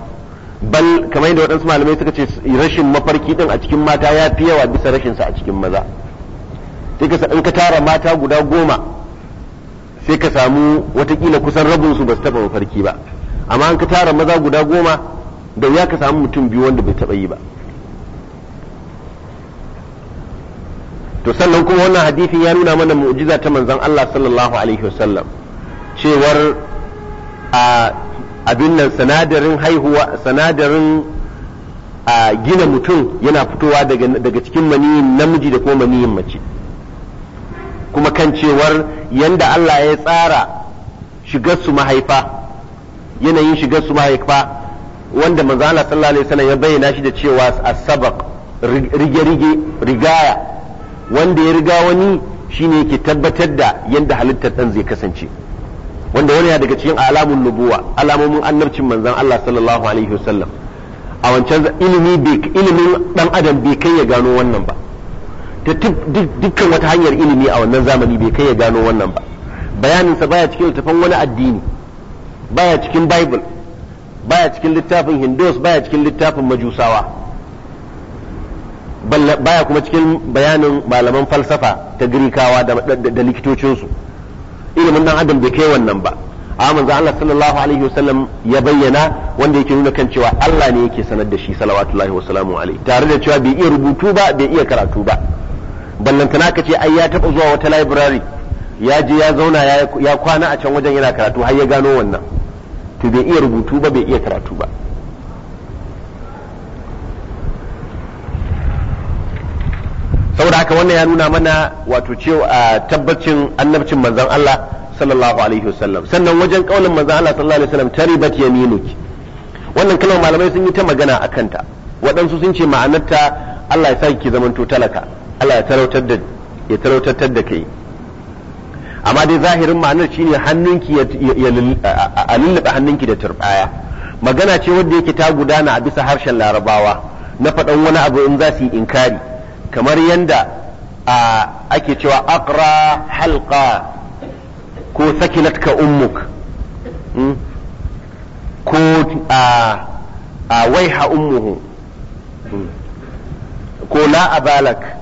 bal kamar yadda waɗansu malamai suka ce rashin mafarki din a cikin mata ya fi yawa bisa rashin sa a cikin maza sai ka in ka tara mata guda goma sai ka samu watakila kusan rabin su ba su taba mafarki ba amma an ka tara maza guda goma da ya ka samu mutum biyu wanda bai taba yi ba to sannan kuma wannan hadisin ya nuna mana mu'jiza ta manzon Allah sallallahu alaihi wasallam cewar a abin nan sanadarin haihuwa sanadarin gina mutum yana fitowa daga cikin maniyin namiji da kuma maniyin mace kuma kan cewar yanda Allah ya tsara shigar su mahaifa yanayin shigar su mahaifa wanda manzo Allah sallallahu alaihi wasallam ya bayyana shi da cewa as-sabaq rige-rige rigaya wanda ya riga wani shine yake tabbatar da yanda halittar dan zai kasance wanda wani daga cikin alamun nubuwa alamomin annabcin manzon Allah sallallahu alaihi wasallam a wancan ilimi ilimin dan adam bai kai ya gano wannan ba ta dukkan wata hanyar ilimi a wannan zamani bai kai ya gano wannan ba bayaninsa baya cikin littafin wani addini baya cikin bible baya cikin littafin hindus baya cikin littafin majusawa baya kuma cikin bayanin malaman falsafa ta girkawa da likitocinsu ilimin nan adam bai kai wannan ba a manzo Allah sallallahu alaihi wasallam ya bayyana wanda yake nuna kan cewa Allah ne yake sanar da shi salawatullahi wasalamu alaihi tare da cewa bai iya rubutu ba bai iya karatu ba ballantana ka ce ai ya taɓa zuwa wata library ya je ya zauna ya kwana a can wajen yana karatu har ya gano wannan to bai iya rubutu ba bai iya karatu ba saboda haka wannan ya nuna mana wato cewa a tabbacin annabcin manzon Allah sallallahu alaihi wasallam sannan wajen kaulin manzon Allah sallallahu alaihi wasallam taribat yaminuk wannan kalmar malamai sun yi ta magana a kanta waɗansu sun ce ma'anarta Allah ya sa ki to talaka Allah ya talautar da da kai amma dai zahirin ma'anar shine hannunki ya lullube hannunki da turbaya magana ce wadda yake ta gudana a bisa harshen larabawa na faɗan wani abu in za su yi inkari kamar yadda ake cewa aqra halqa ko sakinat ummuk hmm? ko a waiha ummuhu hmm? ko la abalak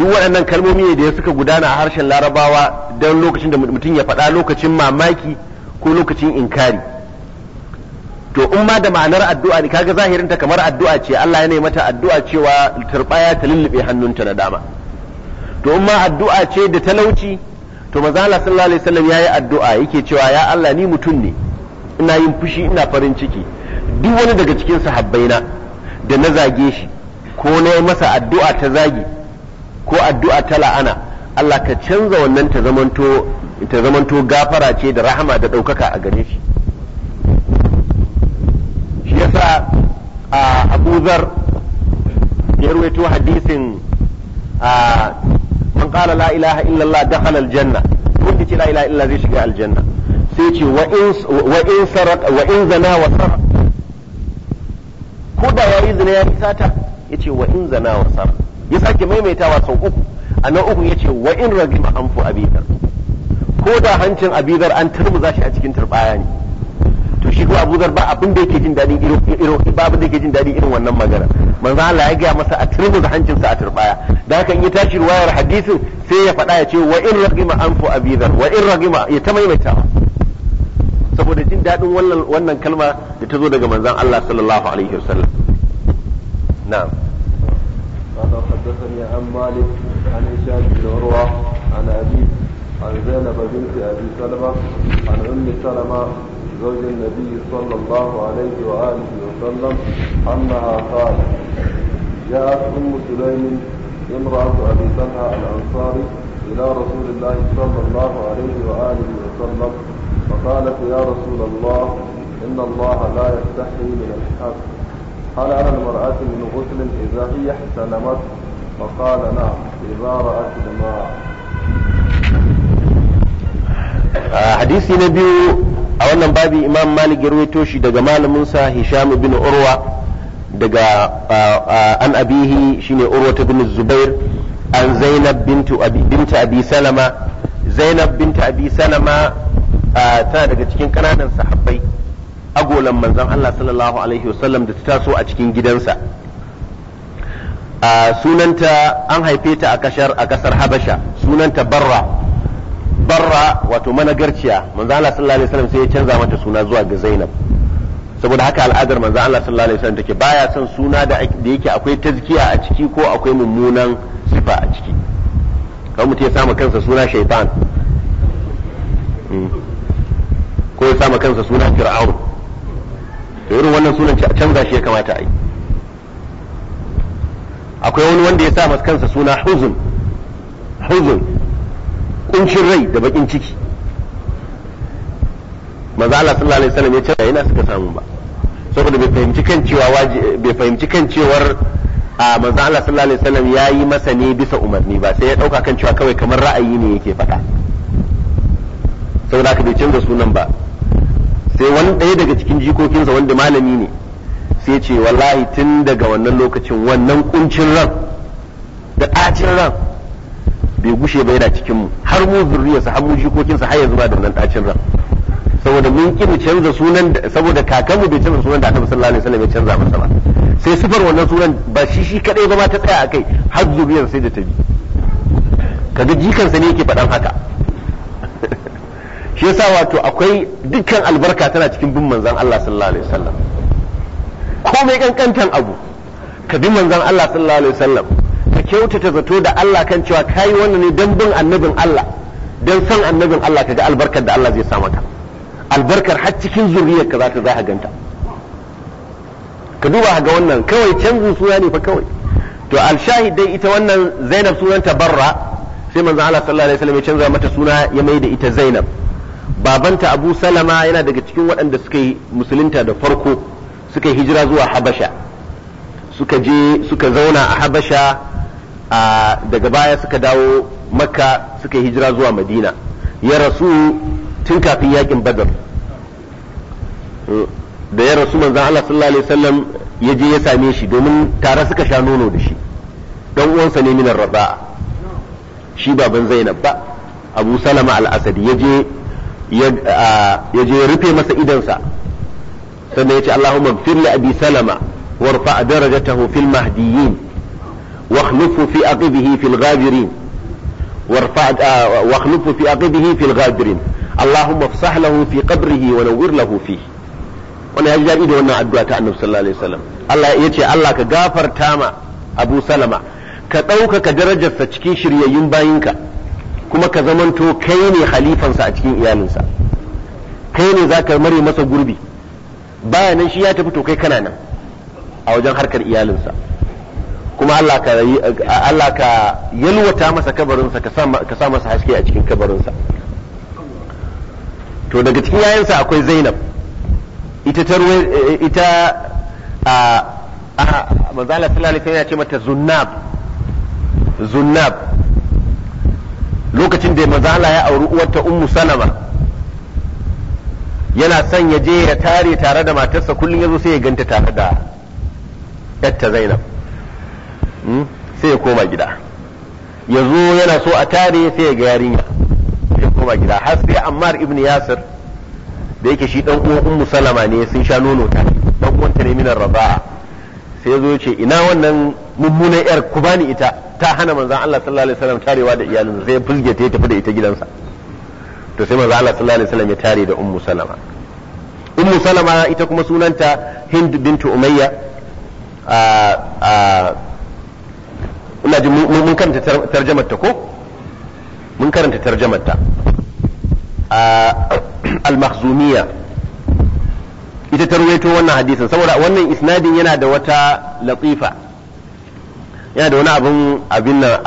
duk waɗannan kalmomi ne da suka gudana a harshen larabawa don lokacin da mutum ya faɗa lokacin mamaki ko lokacin inkari to in ma da ma'anar addu'a ne kaga ta kamar addu'a ce Allah ya nemi mata addu'a cewa turbaya ta lullube hannunta na dama to in ma addu'a ce da talauci to manzo Allah sallallahu alaihi wasallam yayi addu'a yake cewa ya Allah ni mutum ne ina yin fushi ina farin ciki duk wani daga cikin sahabbaina da na zage shi ko na yi masa addu'a ta zagi ko addu'a ta la'ana Allah ka canza wannan ta zamanto ta zamanto gafara ce da rahama da ɗaukaka a gare shi shi yasa a Abu Zar ya ruwaito hadisin a man qala la ilaha Allah dakhala aljanna wanda ce la ilaha illa zai shiga aljanna sai ce wa in wa in zana wa sara ko da yayi zina ya sata yace wa in zana wa sara ya sake maimaitawa sau uku a na uku ya ce wa in ragima fu abidar ko da hancin abidar an turmuza shi a cikin turbaya ne to shi ko abudar ba abin da yake jin daɗin irin ba abin da yake jin daɗin irin wannan magana manzo Allah ya ga masa a turmuza hancin sa a turbaya da haka in ya tashi ruwayar hadisin sai ya faɗa ya ce wa in ragima fu abidar wa in ragima ya ta maimaita saboda jin daɗin wannan kalma da ta zo daga manzon Allah sallallahu alaihi wasallam na'am قال حدثني عن مالك عن هشام بن عروة عن أبي عن زينب بنت أبي سلمة عن أم سلمة زوج النبي صلى الله عليه وآله وسلم أنها قالت جاءت أم سليم امرأة أبي طلحة الأنصاري إلى رسول الله صلى الله عليه وآله وسلم فقالت يا رسول الله إن الله لا يستحي من الحق هل على المرأة من غسل إذا هي احتلمت فقال نعم إذا رأت الماء حديثي نبي a wannan babi imam malik ya shi daga malaminsa hisham bin urwa daga an abihi shine urwa ta bin zubair an zainab binta abisalama salama zainab binta abi tana daga cikin kananan sahabbai agolan manzon Allah sallallahu alaihi wasallam da ta taso a cikin gidansa sunanta an haife ta a kashar a kasar Habasha sunanta Barra Barra wato managarciya manzon Allah sallallahu alaihi wasallam sai ya canza mata suna zuwa ga Zainab saboda haka al'adar manzon Allah sallallahu alaihi wasallam take baya son suna da yake akwai tazkiya a ciki ko akwai mummunan sifa a ciki kan mutum ya samu kansa suna shaitan hmm. ko ya samu kansa suna fir'aun to irin wannan sunan a canza shi ya kamata a yi akwai wani wanda ya sa masu kansa suna huzun huzun kuncin rai da bakin ciki maza Allah sallallahu alaihi wasallam ya canza yana suka samu ba saboda bai fahimci kan cewa bai fahimci kan cewar a manzo Allah sallallahu alaihi wasallam ya yi masa ne bisa umarni ba sai ya dauka kan cewa kawai kamar ra'ayi ne yake faɗa saboda haka bai canza sunan ba sai wani ɗaya daga cikin jikokinsa wanda malami ne sai ce wallahi tun daga wannan lokacin wannan kuncin ran da ɗacin ran bai gushe ba yana cikin mu har mu zurriyarsa har mu jikokinsa har yanzu ba da nan ɗacin ran saboda mun kin mu canza sunan saboda kakanmu bai canza sunan da annabi sallallahu alaihi wasallam ya canza masa ba sai sifar wannan sunan ba shi shi kadai ba ma ta tsaya akai har zuriyar sai da ta bi kaga jikansa ne yake faɗan haka shi yasa wato akwai dukkan albarka tana cikin bin manzan Allah sallallahu alaihi wasallam komai kankantan abu ka bi manzan Allah sallallahu alaihi wasallam ka kyautata zato da Allah kan cewa kai wannan ne dan bin annabin Allah dan san annabin Allah kaga albarkar da Allah zai sa maka albarkar har cikin zuriyarka za ta za ka ganta ka duba ga wannan kawai canzu suna ne fa kawai to al al-shahid dai ita wannan Zainab sunanta Barra sai manzan Allah sallallahu alaihi wasallam ya canza mata suna ya mai da ita Zainab babanta abu salama yana daga cikin waɗanda suka yi musulunta da farko suka hijira zuwa habasha suka je suka zauna a habasha daga baya suka dawo makka suka hijira zuwa madina ya rasu tun kafin yakin badar da ya rasu manzan Allah sallallahu alaihi wasallam ya je ya same shi domin tare suka sha nono da shi dan uwansa ne minar raba shi baban zainab ba abu salama al-asadi ya je ya je rufe masa idansa sannan ya ce Allahumma gfir li abi salama warfa darajatahu fil mahdiyyin واخلفه في عقبه في الغابرين وارفع واخلفه في عقبه في الغابرين اللهم افصح له في قبره ونور له فيه wani ya wannan addu'a ta annabi sallallahu alaihi wasallam Allah ka gafarta ma Abu Salama ka ɗaukaka darajarsa cikin shiryayyun bayinka kuma ka zamanto kai ne halifansa a cikin iyalinsa kai ne za ka mare masa gurbi baya nan shi ya tafi to kai kana nan a wajen harkar iyalinsa kuma Allah ka yalwata masa kabarinsa ka sa masa haske a cikin kabarinsa to daga cikin yayansa akwai Zainab ita tarwe ita a manzo Allah sallallahu alaihi wasallam ya ce mata zunnab zunnab lokacin da maza Allah ya auri uwarta ummu salama yana son ya je ya tare tare da matarsa kullum ya zo sai ya ganta tare da yatta zainab hmm? sai ya koma gida ya zo yana so a tare sai ya ga yarinya sai ya koma gida har sai ammar ibn yasir da yake shi dan uwan ummu salama ne sun sha nono ta dan uwanta ne minar raba'a sai ya zo ya ce ina wannan mummunan yar ku bani ita ta hana manzon Allah sallallahu alaihi wasallam tarewa da iyalin sai ya fulge ta tafi da ita gidansa to sai manzon Allah sallallahu alaihi wasallam ya tare da ummu salama ummu salama ita kuma sunanta hind bintu umayya ina ji mun karanta tarjamar ta ko mun karanta tarjamar ta al mahzumiyya ita ta wannan hadisin saboda wannan isnadin yana da wata latifa yana da wani abin abin nan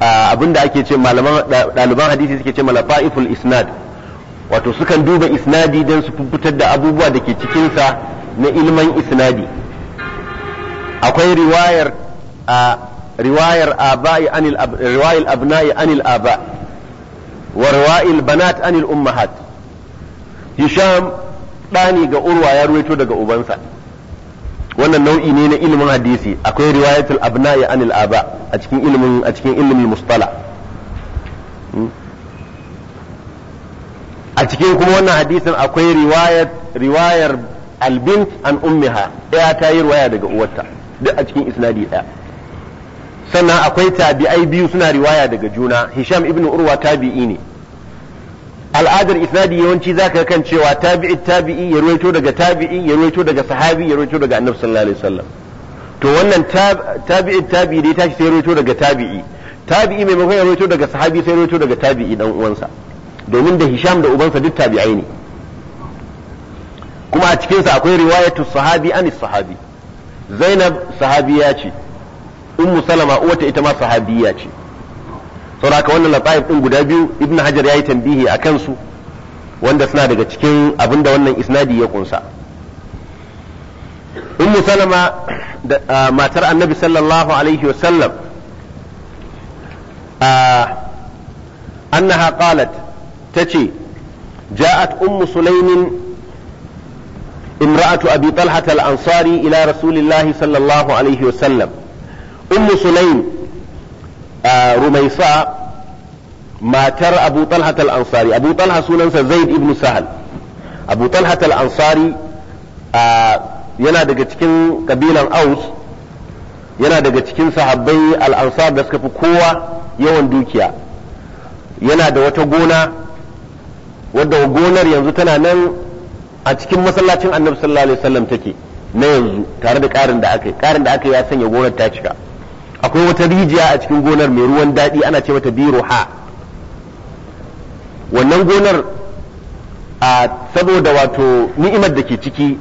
a abin da ake ce malaman daliban hadisi suke ce malafa'iful isnad wato sukan duba isnadi don su fitar da abubuwa da ke cikinsa na ilman isnadi akwai riwayar a riwayar aba'i anil riwayar abna'i anil aba wa riwayil banat anil ummahat hisham dani ga urwa ya ruwaito daga ubansa wannan nau'i ne na ilimin hadisi akwai riwayatul abna'i anil aba a cikin ilimin a cikin ilimin mustala hmm? a cikin kuma wannan hadisin akwai riwayat riwayar albint an ummiha ɗaya ta yi riwaya daga uwarta duk a cikin isnadi ɗaya sannan akwai tabi'ai biyu suna riwaya daga juna hisham ibnu urwa tabi'i ne al'adar isnadi yawanci ka kan cewa tabi'i tabi'i ya ruwaito daga tabi'i ya ruwaito daga sahabi ya ruwaito daga annabi sallallahu alaihi wasallam to wannan tabi'i tabi'i dai tashi sai ruwaito daga tabi'i tabi'i maimakon ya ruwaito daga sahabi sai ruwaito daga tabi'i dan uwansa domin da hisham da ubansa duk tabi'ai ne kuma a cikinsa akwai riwayatu sahabi an sahabi zainab sahabiya ce ummu salama uwata ita ma sahabiya ce haka wannan lataif din guda biyu ibn hajar ya yi tambihi a kansu wanda suna daga cikin abin da wannan isnadi ya kunsa ummu salama da matar annabi sallallahu alaihi wasallam annaha qalat tace ja'at ummu sulaimin امرأة أبي طلحة الأنصاري إلى رسول الله صلى الله عليه وسلم أم سليم rumaisa matar abu talhat al-ansari abu talha sunansa zaid ibn sahal abu talhat ansari yana daga cikin kabilan aus yana daga cikin sahabbai al-ansar da suka fi kowa yawan dukiya yana da wata gona wadda gonar yanzu tana nan a cikin masallacin annabi sallallahu alaihi wasallam take na yanzu tare da karin da aka yi karin da aka yi ya sanya gonar ta cika akwai wata rijiya a cikin gonar mai ruwan daɗi ana ce mata biro ha wannan gonar a saboda wato ni'imar da ke ciki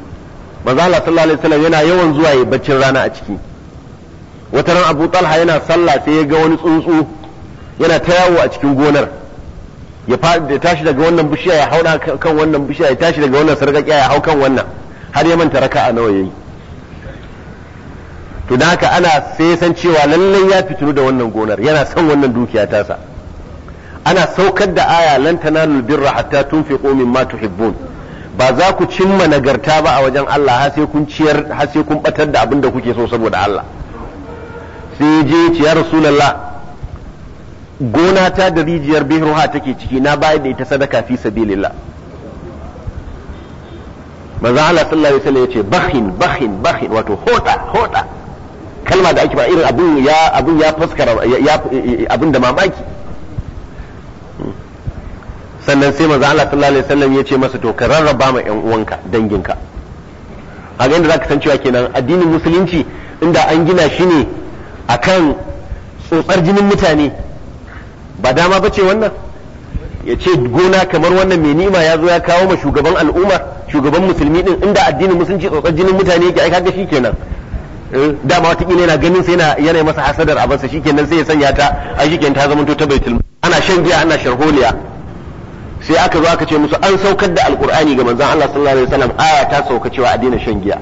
manzo sallallahu alaihi wasallam yana yawan zuwa ya baccin rana a ciki wata ran Abu Talha yana sallah sai ya ga wani tsuntsu yana ta yawo a cikin gonar ya tashi daga wannan bishiya ya hau kan wannan bishiya ya tashi daga wannan sarƙaƙiya ya hau kan wannan har ya manta raka'a nawa yayi to da haka ana sai san cewa lallai ya fitinu da wannan gonar yana son wannan dukiya tasa ana saukar da aya lan tanalul birra hatta tunfiqu mimma tuhibbun ba za ku cimma nagarta ba a wajen Allah har sai kun ciyar har sai kun batar da abin da kuke so saboda Allah sai je ci ya rasulullah gona ta da rijiyar bihruha take ciki na bayar da ita sadaka fi sabilillah manzo Allah sallallahu alaihi wasallam yace bakhin bakhin bakhin wato hoda hoda kalma da ake ba irin abin ya abin ya fuskara abin da mamaki sannan sai manzo Allah sallallahu alaihi wasallam ya masa to ka rarraba ma ƴan uwanka danginka a ga inda zaka san cewa kenan addinin musulunci inda an gina shi ne akan tsotsar jinin mutane ba dama bace wannan ya ce gona kamar wannan mai nima ya zo ya kawo ma shugaban al'umma shugaban musulmi din inda addinin musulunci tsotsar jinin mutane yake ga shi kenan Eh, dama watakila yana ganin sai yana yi masa hasadar abinsa shikenan sai ya sanya ta a shikenan ta zama ta baitul ana shan giya ana sharholiya sai aka zo aka ce musu an saukar da alkur'ani ga manzon Allah sallallahu alaihi wasallam aya ta sauka cewa a daina shan giya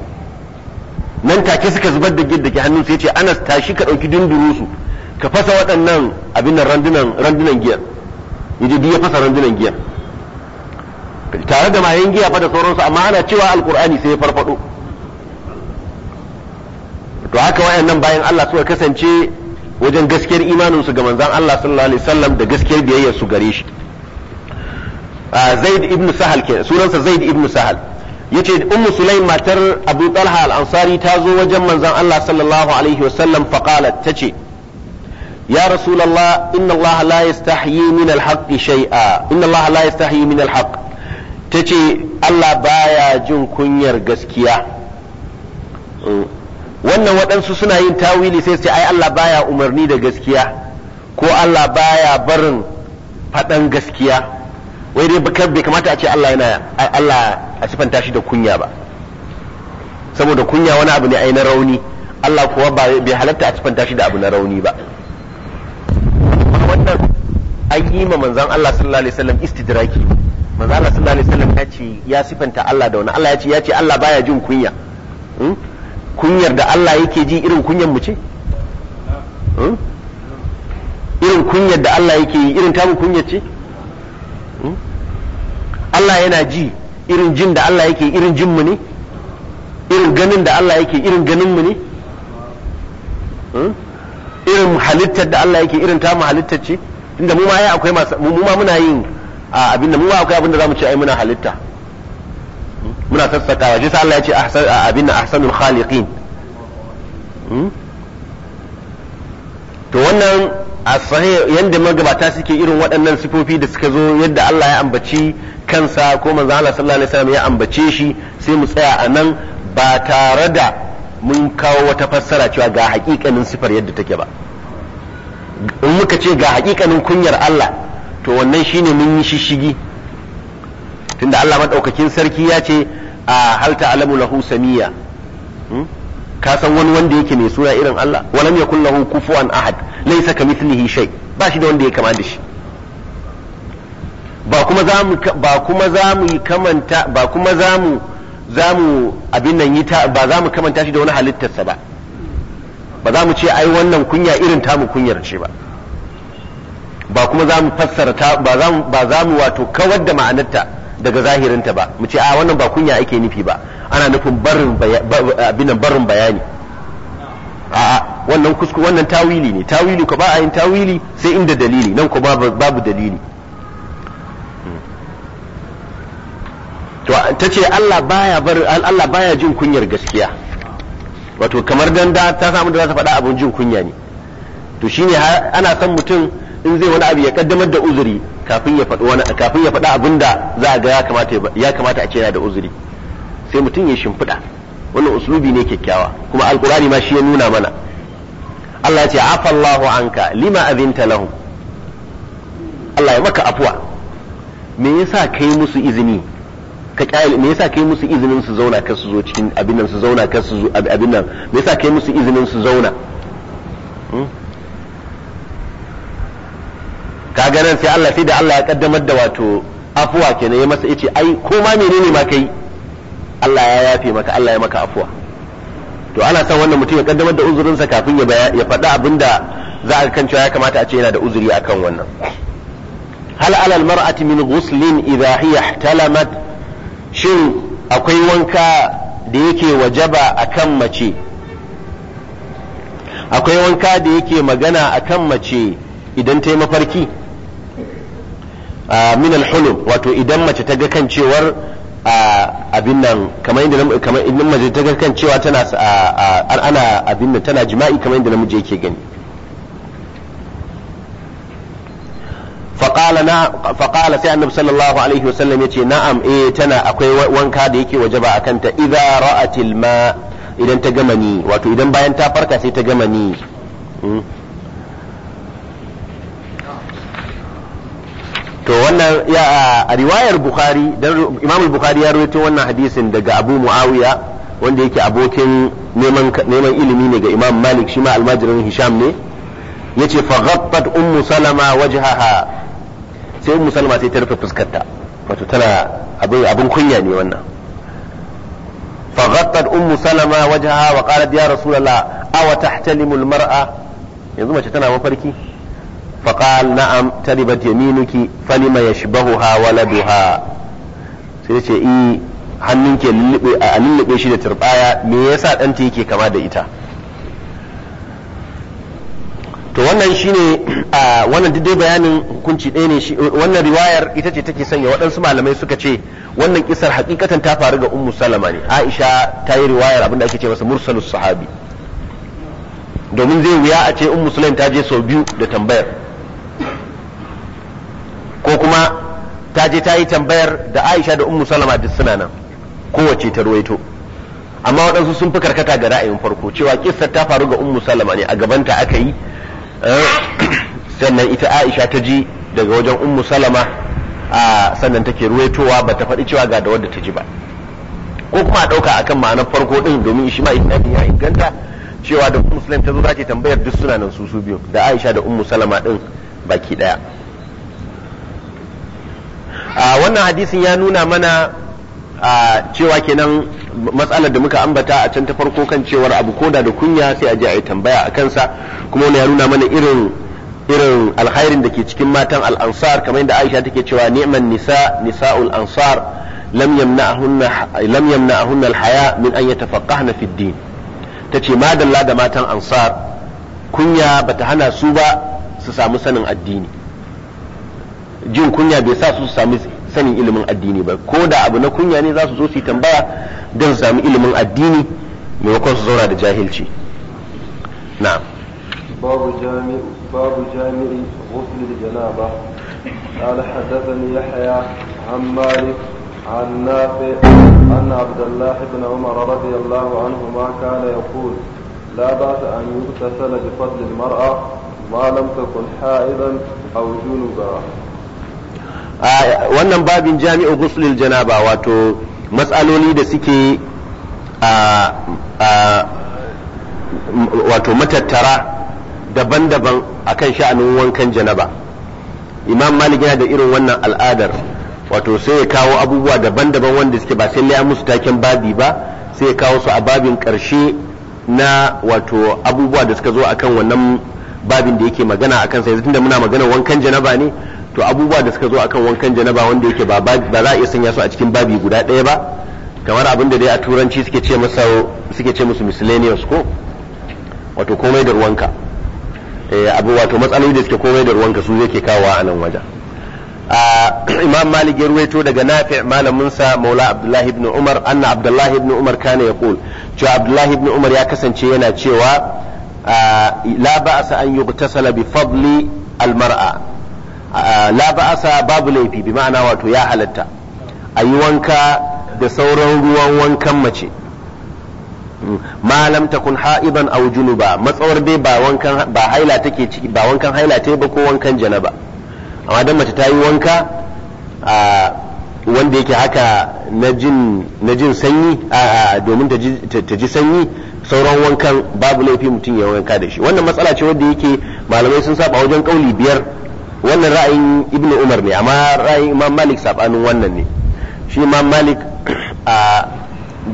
nan take suka zubar da gidda ke hannun sai ya ce Anas tashi ka dauki su ka fasa waɗannan abin nan randunan randunan giyar yaje duk ya fasa randunan giyar tare da mayan giya fa da sauransu amma ana cewa alkur'ani sai ya farfado to haka wayannan bayan Allah suka kasance wajen gaskiyar imanin su ga manzon Allah sallallahu alaihi wasallam da gaskiyar biyayyar su gare shi Zaid ibn Sahal ke sunansa Zaid ibn Sahal yace ummu Sulaim matar Abu Talha al-Ansari ta zo wajen manzon Allah sallallahu alaihi wasallam fa qalat tace ya rasulullah inna Allah la yastahyi min al-haqq shay'a inna Allah la yastahyi min al-haqq tace Allah baya jin kunyar gaskiya mm. wannan waɗansu suna yin tawili sai su ce ai Allah baya umarni da gaskiya ko Allah baya barin faɗan gaskiya wai dai bakar bai kamata a ce Allah yana Allah a sifanta shi da kunya ba saboda kunya wani abu ne ai na rauni Allah kuwa bai halatta a sifanta shi da abu na rauni ba wannan an yi ma manzon Allah sallallahu alaihi wasallam istidraki manzon Allah sallallahu alaihi wasallam ya ce ya sifanta Allah da wani Allah ya ce ya ce Allah baya jin kunya hmm? kunyar da Allah yake ji irin kunyar mu ce hmm? irin kunyar da Allah yake yi irin tamu kunyar ce hmm? Allah yana ji irin jin da Allah yake irin jin mu ne irin ganin da Allah yake irin ganin mu ne hmm? irin halittar da Allah yake irin tamu halittar ce inda mu ma akwai masu mu ma muna yin abinda mu ma akwai abinda mu ce ai muna halitta muna sassakawa jisa Allah ya ce abin na ahsanul khaliqin hmm? to wannan a sahih yanda magabata suke irin waɗannan sifofi da suka zo yadda Allah ya ambaci kansa ko manzo Allah sallallahu alaihi wasallam ya ambace shi sai mu tsaya a nan ba tare da mun kawo wata fassara cewa ga hakikanin sifar yadda take ba in muka ce ga hakikanin kunyar Allah to wannan shine mun yi shishigi tunda Allah madaukakin sarki ya ce a hal ta'lamu lahu samiya hmm? ka san wani wanda yake mai suna irin Allah walam yakul lahu kufuwan ahad laysa kamithlihi shay ba shi da wanda ya kama da shi ba kuma za mu ba kuma za mu kamanta ba kuma za mu za mu abin nan yi ta ba za mu kamanta shi da wani halittarsa ba ba za mu ce ai wannan kunya irin tamu kunyar ce ba ba kuma za mu fassara ta ba za mu wato kawar da ma'anarta daga zahirinta ba mu ce a wannan ba kunya ake nufi ba ana nufin barin abinan barin bayani a wannan kusku wannan tawili ne tawili ko ba a yin tawili sai inda dalili nan ko babu dalili to ta ce Allah baya bar Allah baya jin kunyar gaskiya wato kamar danda ta samu da za ta faɗa abin jin kunya ne to shine ana son mutum in zai wani abu ya kaddamar da uzuri kafin ya faɗi wani kafin ya faɗa abin da za a ga ya kamata ya kamata a ce yana da uzuri sai mutum ya shimfiɗa wannan uslubi ne kyakkyawa kuma alqur'ani ma shi ya nuna mana Allah ya ce Allahu anka lima azinta lahum Allah ya maka afwa me yasa kai musu izini ka kyale me yasa kai musu izinin su zauna kar su zo cikin abin nan su zauna kar su abin nan me yasa kai musu izinin su zauna hmm? Ka nan sai Allah sai da Allah ya kaddamar da wato afuwa kenan ya masa yace ai ko ma menene ma kai Allah ya yafe maka Allah ya maka afuwa to ana son wannan mutum ya kaddamar da uzurinsa kafin ya ya faɗi abinda za a kan cewa ya kamata a ce yana da uzuri akan wannan hal alal mar'ati min ghuslin idha hiya ihtalamat shin akwai wanka da yake wajaba akan mace akwai wanka da yake magana akan mace idan ta yi mafarki min al wato idan mace ta ga kan cewar abin nan kamar inda kamar idan mace ta ga kan cewa tana ana abin nan tana jima'i kamar inda namiji yake gani faƙala na faƙala sai annabi sallallahu alaihi wasallam yace na'am eh tana akwai wanka da yake wajaba akan ta idza ra'atil ma idan ta gama ni wato idan bayan ta farka sai ta gama ni to wannan ya a riwayar bukhari dan imamul bukhari ya rawaito wannan hadisin daga abu muawiya wanda yake abokin neman neman ilimi ne ga imam malik shi ma almajirin hisham ne yace fa ghaffat ummu salama wajhaha sai ummu salama sai ta rufe fuskarta wato tana abin abin kunya ne wannan fa ghaffat ummu salama wajhaha wa qalat ya rasulullah aw tahtalimu almar'a yanzu mace tana mafarki فقال نعم تربت يمينك فلما يشبهها ولدها سيدي إيه hannunki a lullube shi da turbaya me yasa ɗanta yake kama da ita to wannan shine a wannan duk dai bayanin hukunci ɗaya ne shi wannan riwayar ita ce take sanya waɗansu malamai suka ce wannan kisar hakikatan ta faru ga ummu salama ne aisha ta yi riwayar abinda ake ce masa mursalus sahabi domin zai wuya a ce ummu sulaim ta je sau biyu da tambayar ko kuma ta je ta yi tambayar da Aisha da Ummu Salama duk suna nan kowace ta ruwaito amma waɗansu sun fi karkata ga ra'ayin farko cewa kissar ta faru ga Ummu Salama ne a gabanta aka yi eh, sannan ita Aisha ta ji daga wajen Ummu Salama sannan take ruwaitowa ba ta faɗi cewa ga da wadda ta ji ba ko kuma a ɗauka akan ma'anar farko ɗin domin shi ma ya inganta cewa da Musulmai ta zo ce tambayar duk suna nan su su biyu da aisha da ummu salama ɗin baki ɗaya wannan hadisin ya nuna mana cewa kenan matsalar da muka ambata a can ta farko kan cewar abu koda da kunya sai a je a yi tambaya a kansa kuma wani ya nuna mana irin irin alkhairin da ke cikin matan al'ansar kamar yadda aisha take cewa neman nisa nisa'ul ansar lam yamna'ahunna lam yamna'ahunna alhaya min an yatafaqahna fid din tace madalla da matan ansar kunya bata hana su ba su samu sanin addini jin kunya bai sa su sami sanin ilimin addini ba ko da abu na kunya ne za su zo su yi tambaya don su sami ilimin addini maimakon su zauna da jahilci na babu jami'i babu jami'i ghusl janaba قال حدثني يحيى عن مالك عن نافع أن عبد الله بن عمر رضي الله عنهما كان يقول لا بأس أن يغتسل بفضل المرأة ما لم تكن حائضا أو جنبا wannan babin jami'u guslil janaba wato matsaloli da suke wato matattara daban-daban akan sha'anin wankan janaba imam malik yana da irin wannan al'adar wato sai ya kawo abubuwa daban-daban wanda suke ba sai ya musu taken babi ba sai ya kawo su a babin karshe na wato abubuwa da suka zo akan wannan babin da yake magana akan sai tunda muna magana wankan janaba ne to abubuwa da suka zo akan wankan janaba wanda yake ba za a iya sanya su a cikin babi guda ɗaya ba kamar abin da dai a turanci suke ce masa suke ce musu miscellaneous ko wato komai da ruwanka eh, abu wato matsaloli da suke komai da ruwanka su yake kawo a nan wajen ah, imam malik ya ruwaito daga nafi malamin sa maula abdullahi ibn umar anna abdullahi ibn umar kana yaqul cewa abdullahi ibn umar ya kasance yana cewa ah, la ba'sa an yughtasala bi fadli al mar'a la ba'asa babu laifi bi ma'ana wato ya halatta a yi wanka da sauran ruwan wankan mace malam takun ha'iban aw junuba matsawar dai ba wankan ba haila take ciki ba wankan haila ta ba ko wankan janaba amma dan mace ta yi wanka a wanda yake haka na jin na jin sanyi domin ta ji sanyi sauran wankan babu laifi mutum ya wanka da shi wannan matsala ce wanda yake malamai sun saba wajen kauli biyar wannan ra'ayin ibnu umar ne amma ra'ayin imam malik sabanin wannan ne shi imam malik a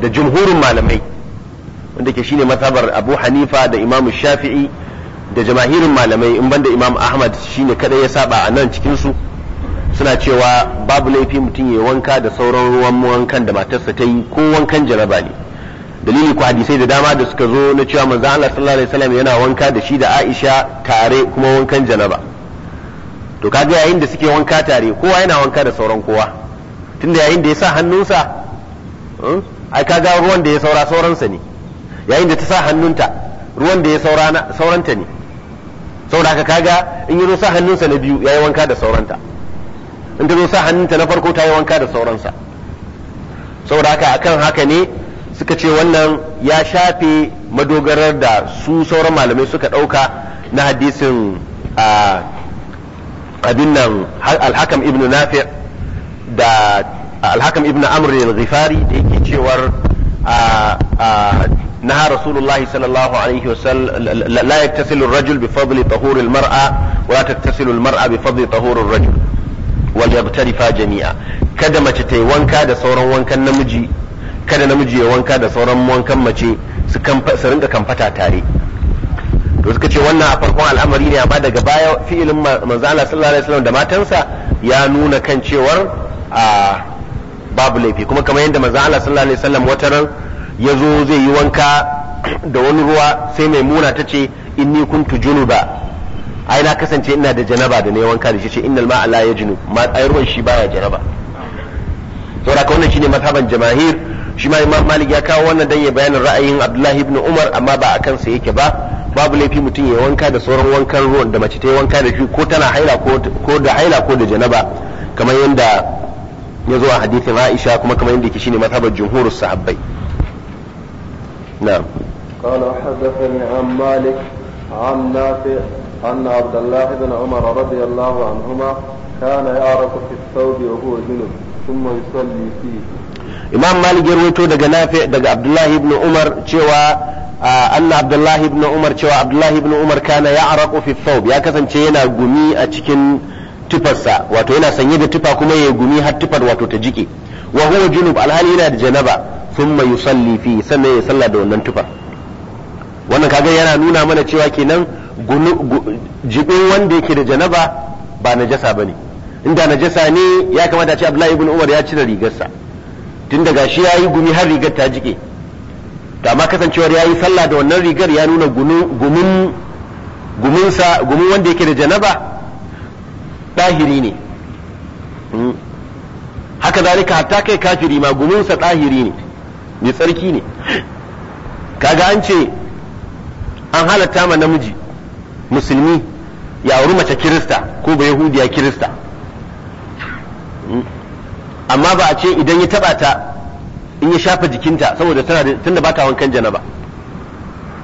da jumhurin malamai wanda ke shine matabar abu hanifa da imam shafi'i da jamahirin malamai in banda imam ahmad shine kadai ya saba a nan cikin su suna cewa babu laifi mutum ya wanka da sauran ruwan wankan da matarsa ta yi ko wankan jaraba ne dalili ku hadisai da dama da suka zo na cewa manzo Allah sallallahu alaihi wasallam yana wanka da shi da Aisha tare kuma wankan janaba to kaga yayin da suke wanka tare kowa yana wanka da sauran kowa tunda yayin da ya sa hannunsa hmm, ai kaga ruwan da ya saura sauransa ne yayin da ta sa hannunta ruwan da ya saura sauranta ne saboda haka kaga in yi sa hannunsa na biyu yayi wanka da sauranta in ta zo sa hannunta na farko ta yi wanka da sauransa saboda haka akan haka ne suka ce wannan ya shafe madogarar da su sauran malamai suka ɗauka na hadisin a ah, abin nan alhakam ibn nafi da alhakam ibn amr al-ghifari da yake cewar نهى رسول الله صلى الله عليه وسلم لا يتصل الرجل بفضل طهور المرأة ولا تتصل المرأة بفضل طهور الرجل وليغترفا جميعا kada mace ta yi wanka da sauran wankan namiji kada namiji ya wanka da sauran wankan mace su rinka kamfata tare to suka ce wannan a farkon al'amari ne amma daga baya fi'ilin manzo Allah sallallahu alaihi wasallam da matansa ya nuna kan cewar a babu laifi kuma kamar yadda manzo Allah sallallahu alaihi wasallam wata ran ya zo zai yi wanka da wani ruwa sai mai muna ta ce inni kuntu junuba ai na kasance ina da janaba da ne wanka da shi ce innal ma'a la yajnu ma ai ruwan shi baya janaba saboda ka wannan shine mazhaban jama'ir shi ma imam malik ya kawo wannan dan ya bayanin ra'ayin abdullahi ibn umar amma ba a kansa yake ba babu laifi mutum ya wanka da sauran wankan ruwan da mace ta yi wanka da shi ko tana haila ko da haila ko da janaba kamar yadda ya zo a hadithin aisha kuma kamar yadda yake shine mazhabar jumhurus sahabbai na'am قال حدثني عن مالك عن نافع أن عبد الله بن عمر رضي الله عنهما كان يعرق في الثوب وهو جنب ثم يصلي فيه imam malik ya rawaito daga nafi daga abdullahi ibn umar cewa anna abdullahi ibn umar cewa abdullahi ibn umar kana ya fi thawb ya kasance yana gumi a cikin tufarsa wato yana sanye da tufa kuma ya gumi har tufar wato ta jike wa huwa junub alhali yana da janaba thumma yusalli fi sannan ya salla da wannan tufa wannan kaga yana nuna mana cewa kenan jibin wanda yake da janaba ba najasa bane inda najasa ne ya kamata a ce abdullahi ibn umar ya cire rigarsa tun daga shi ya yi gumi har rigar ta jike to amma kasancewar ya yi sallah da wannan rigar ya nuna gumin guminsa gumin wanda yake da janaba ɗahiri ne hmm. haka zalika hatta kai kafiri ma guminsa ɗahiri ne mai tsarki ne kaga an ce an halatta ma namiji musulmi ya auri mace kirista ko ba yahudiya kirista hmm. amma ba a ce idan ya taba ta in ya shafa jikinta saboda tana tunda ba ta wankan janaba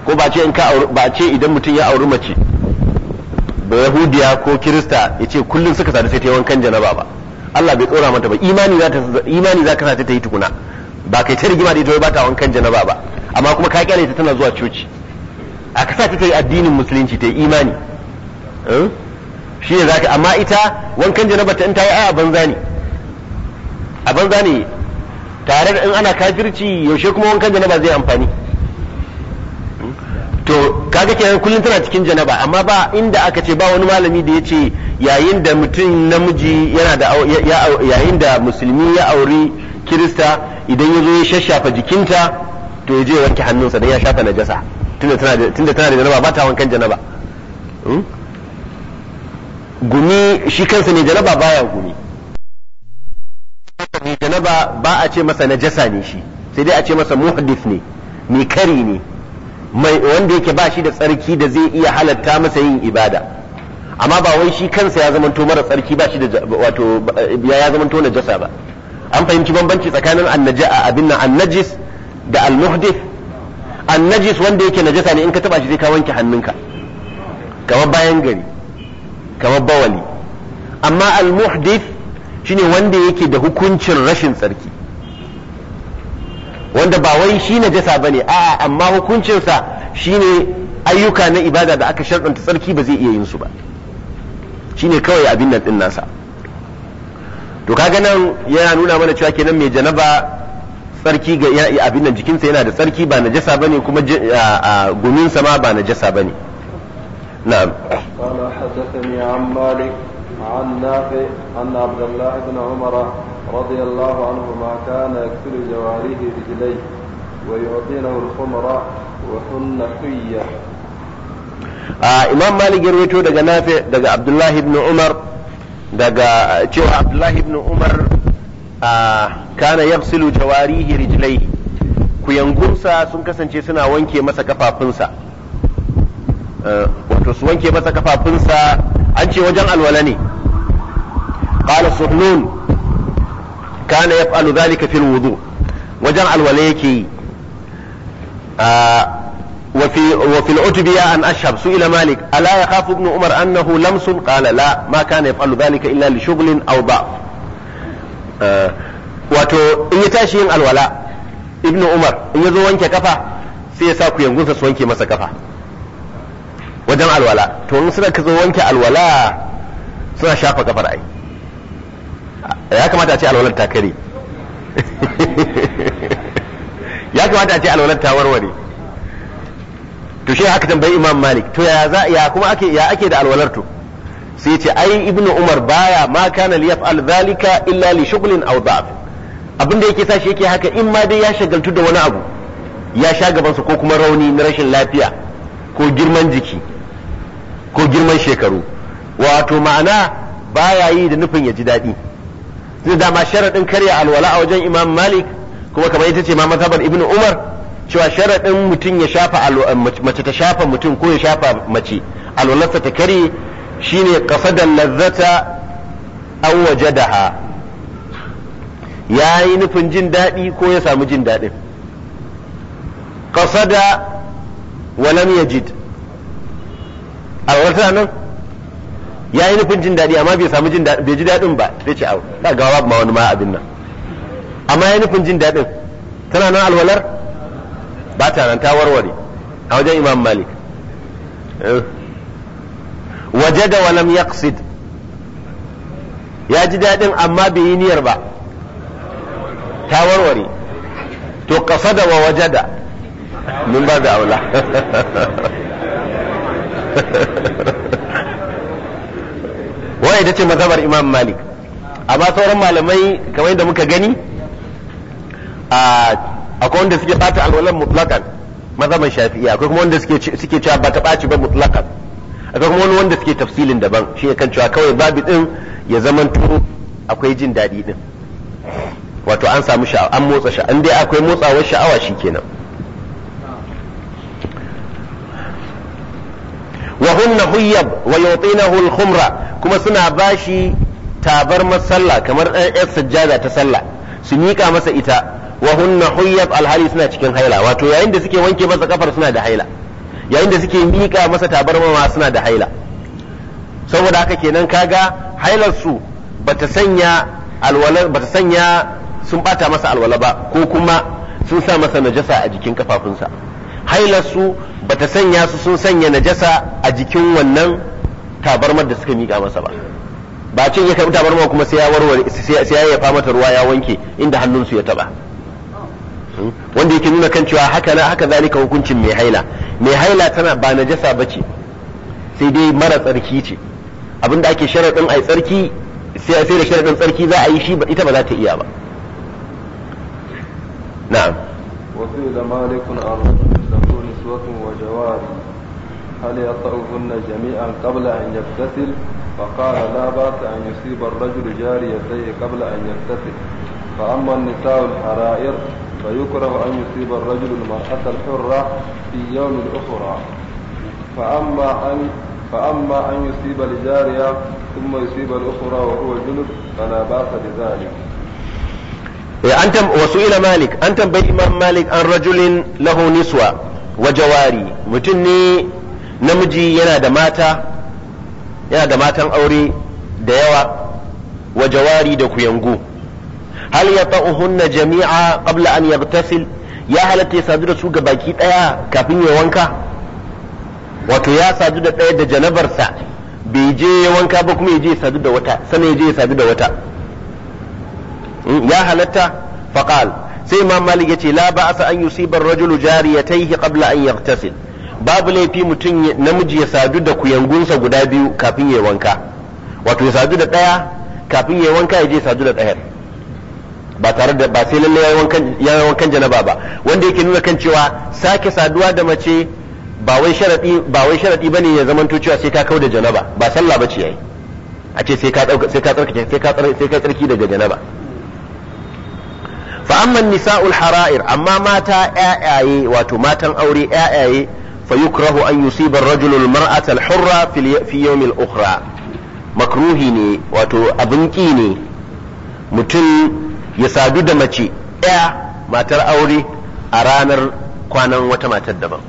ko ba ce in ka ba a ce idan mutum ya auri mace ba yahudiya ko kirista ya ce kullum suka sadu sai ta yi wankan janaba ba Allah bai tsora mata ba imani za ta imani za ka sata ta yi tukuna ba kai ta rigima da ita ba ta wankan janaba ba amma kuma ka kyale ta tana zuwa coci a ka sa ta yi addinin musulunci ta yi imani eh? shi ne za ka amma ita wankan janaba ta in ta yi a'a banza ne a banza ne tare da in ana kafirci yaushe kuma wankan janaba zai amfani to kaga kenan kullun tana cikin janaba amma ba inda aka ce ba wani malami da ya ce yayin da mutum namiji yana da yayin da musulmi ya auri kirista idan ya zo ya shashafa jikinta to ya je wanke hannunsa don ya shafa najasa tunda tana da janaba ba ta wankan janaba hmm? gumi shi kansa ne janaba baya gumi mai janaba ba a ce masa najasa ne shi sai dai a ce masa muhdif ne mai kari ne mai wanda yake ba shi da tsarki da zai iya halatta masa yin ibada amma ba wai shi kansa ya zamanto mara tsarki ba shi da wato ya zamanto najasa ba an fahimci bambanci tsakanin annaja'a abin nan annajis da almuhdif annajis wanda yake najasa ne in ka taba shi sai ka wanke hannunka kamar bayan gari kamar bawali amma almuhdif shine wanda yake da hukuncin rashin tsarki wanda ba wai shi na jasa ba ne, a'a amma hukuncinsa shine ayyuka na ibada da aka sharɗanta tsarki ba zai iya yin su ba shine kawai abin nan din nasa to kaga nan yana nuna mana cewa kenan mai janaba tsarki ga abin nan jikinsa yana da tsarki ba najasa bane kuma guminsa ma ba najasa jasa na'am ne. Na an عن نافع أن عبد الله بن عمر رضي الله عنهما كان يكسر جواريه رجليه ويعطينه الخمر وحن حية آه إمام مالك يرويته دقى نافع دقى عبد الله بن عمر دقى جو عبد الله بن عمر آه كان يغسل جواريه رجليه kuyangunsa sun kasance suna wanke masa kafafunsa wato su wanke masa kafafunsa an ce wajen alwala ne qala suhlun kana yaf'alu dhalika fil wajen alwala yake yi وفي وفي العتبية عن أشهب سئل مالك ألا يخاف ابن عمر أنه لمس قال لا ما كان يفعل ذلك إلا لشغل أو ضعف آه wato in ya tashi yin alwala ibnu umar in ya zo wanke kafa sai ya sa ku yangunsa su wanke masa kafa wajen alwala to in ka zo wanke alwala suna shafa kafar ai ya kamata a ce alwalar ta kare ya kamata a ce alwalar ta warware to shi haka tambayi imam malik to ya za ya kuma ake ya ake da alwalar to sai ce ai ibnu umar baya ma kana li yaf'al zalika illa li shughlin aw da'f abinda yake sa shi yake haka in ma dai ya shagaltu da wani abu ya sha gaban su ko kuma rauni na rashin lafiya ko girman jiki ko girman shekaru wato ma'ana baya yi da nufin ya ji daɗi zai dama sharaɗin karya alwala a wajen imam malik kuma kamar ita ce ma mazhabar ibn umar cewa sharaɗin mutum ya shafa mace ta shafa mutum ko ya shafa mace alwalarsa ta karye shine qasadan lazzata aw wajadaha yayi nufin jin daɗi ko ya samu jin daɗin qasada walam yajid alwalarsa nan ya yi nufin jin daɗi amma bai samu jin daɗi bai ji daɗin ba zai ce a gawa ma wani ma abin nan amma ya yi nufin jin daɗin tana nan alwalar ba ta nan ta warware a wajen imam malik eh. waje da walam yaqsid ya ji daɗin amma bai yi niyar ba ta warware to da wa da mun ba da aula wai ita ce mazhabar imam malik amma sauran malamai kamar yadda muka gani a akwai wanda suke bata alwalan mutlakan mazhaban shafi'i akwai kuma wanda suke cewa ba ta ɓaci ba mutlakan akwai kuma wani wanda suke tafsilin daban shi kan cewa kawai babu din ya zamanto akwai jin daɗi din wato an samu sha'awa an motsa sha'awa in dai akwai motsawar sha'awa shikenan wa hunna wa yutinahu al-khumra kuma suna bashi tabarmar sallah kamar ɗan yar sajjada ta sallah su miƙa masa ita wa hunna alhali suna cikin haila wato yayin da suke wanke masa kafar suna da haila yayin da suke miƙa masa tabarma suna da haila saboda haka kenan kaga hailar su bata sanya alwala bata sanya sun bata masa alwala ba ko kuma sun sa masa najasa a jikin kafafunsa hailarsu ba ta sanya su sun sanya najasa a jikin wannan tabarmar da suka miƙa masa ba ba cin ya karɓi tabarmar kuma sai ya warware sai ya mata ruwa ya wanke inda hannunsu ya taba hmm? wanda yake nuna kan cewa haka na haka zalika hukuncin mai haila mai haila tana ba najasa ba ce sai dai mara tsarki ce abinda ake sharaɗin ai tsarki sai da sharaɗin tsarki za a yi shi ita ba za ta iya ba na'am وقيل مالك أرض له نسوة وجواري هل يطعوهن جميعا قبل أن يغتسل فقال لا بأس أن يصيب الرجل جاريتيه قبل أن يغتسل فأما النساء الحرائر فيكره أن يصيب الرجل المرأة الحرة في يوم الأخرى فأما أن فأما أن يصيب الجارية ثم يصيب الأخرى وهو جنب فلا بأس بذلك Eh, an tam wasu ila malik an tambayi imam malik an rajulin lahu niswa wa jawari mutum ne namiji yana da mata yana da matan aure da yawa wa jawari da kuyangu hal ya ta'uhunna jami'a qabla an yaghtasil ya halatta ya sadu da su baki daya kafin ya wanka wato ya sadu da daya da janabarsa bai je wanka ba kuma je wata ya je ya sadu da wata Mm, ya halatta faqal sai imam malik yace la asa an yusiba ar-rajulu jariyatayhi qabla an yaghtasil babu laifi mutum namiji ya sadu da kuyangunsa guda biyu kafin ya wanka wato ya sadu da daya kafin ya wanka ya je sadu da dayar ba tare da ba sai lalle ya wankan ya wankan janaba ba wanda yake nuna kan cewa sake saduwa da mace ba wai sharadi ba wai sharadi bane ya zamanto cewa sai ka kauda janaba ba sallah bace yayi a ce sai ka sai ka tsarkake sai ka sai ka tsarki daga janaba fa amma nisa'ul hara'ir amma mata ƴaƴaye wato matan aure ƴaƴaye fa yukrahu an yusiba ar-rajulu al-mar'ata al-hurra fi ne wato abin ne mutum ya sadu da mace ɗaya matar aure a ranar kwanan wata matar daban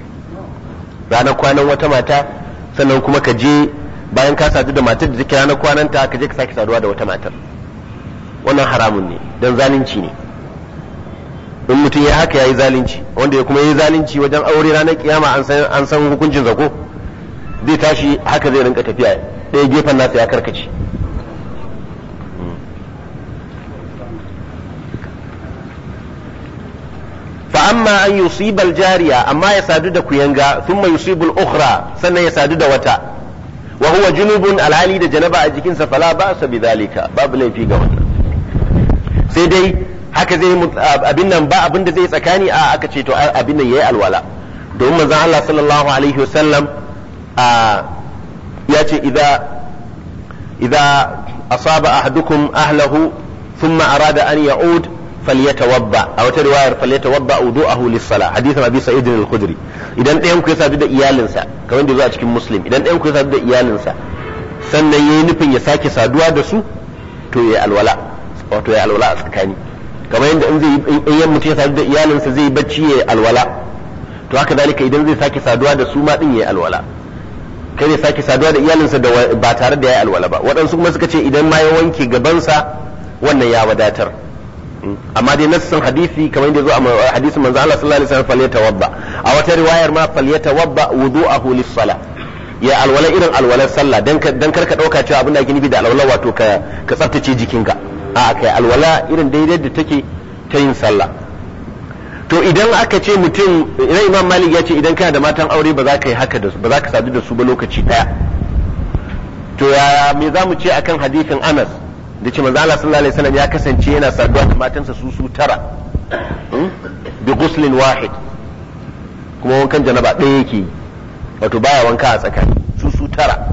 ranar kwanan wata mata sannan kuma ka je bayan ka sadu da matar da take ranar kwananta ka je ka sake saduwa da wata matar wannan haramun ne don zalunci ne in mutum ya haka ya yi zalunci wanda ya kuma ya yi zalunci wajen aure ranar kiyama an san hukuncin zako zai tashi haka zai rinka tafiya ɗaya gefen nasa ya karkace amma an yusibal jariya amma ya sadu da kuyanga sun mai yusibul ukhra sannan ya sadu da wata wa junubun alhali da janaba a jikinsa fala ba bi zalika babu laifi ga wannan sai dai haka zai abin nan ba abin da zai tsakani a aka ce to abin nan yayi alwala domin manzon Allah sallallahu alaihi wasallam ya ce idza idza asaba ahadukum ahlahu thumma arada an ya'ud falyatawabba a wata riwayar falyatawabba wudu'ahu lis-salah hadith Abi Sa'id al-Khudri idan ɗayan ku ya sadu da iyalinsa kamar da zuwa cikin Muslim idan ɗayan ku ya sadu da iyalinsa sannan yayi nufin ya sake saduwa da su to yayi alwala wato yayi alwala a tsakani kamar yadda in zai in yan mutum ya sadu da iyalinsa zai bacci ya alwala to haka dalika idan zai sake saduwa da su ma din ya alwala kai ne sake saduwa da iyalinsa da ba tare da ya alwala ba waɗansu kuma suka ce idan ma ya wanke gabansa wannan ya wadatar hmm. amma dai nassan hadisi kamar yadda zo a hadisin manzo Allah sallallahu alaihi wasallam wabba a wata riwayar ma falyatawadda wudu'ahu lis-salah ya alwala irin alwalar sallah dan kar ka dauka cewa abinda da ake nufi da alwala wato ka ka tsaftace jikinka a kai alwala irin daidai da take ta yin sallah to idan aka ce mutum idan imam malik ya ce idan kana da matan aure ba za ka yi haka ba za ka sadu da su ba lokaci daya to ya me za mu ce akan hadisin anas da ce manzo Allah sallallahu alaihi wasallam ya kasance yana saduwa da matansa su su tara hmm? bi ghuslin wahid kuma wankan janaba ɗaya yake wato baya wanka a tsakani su su tara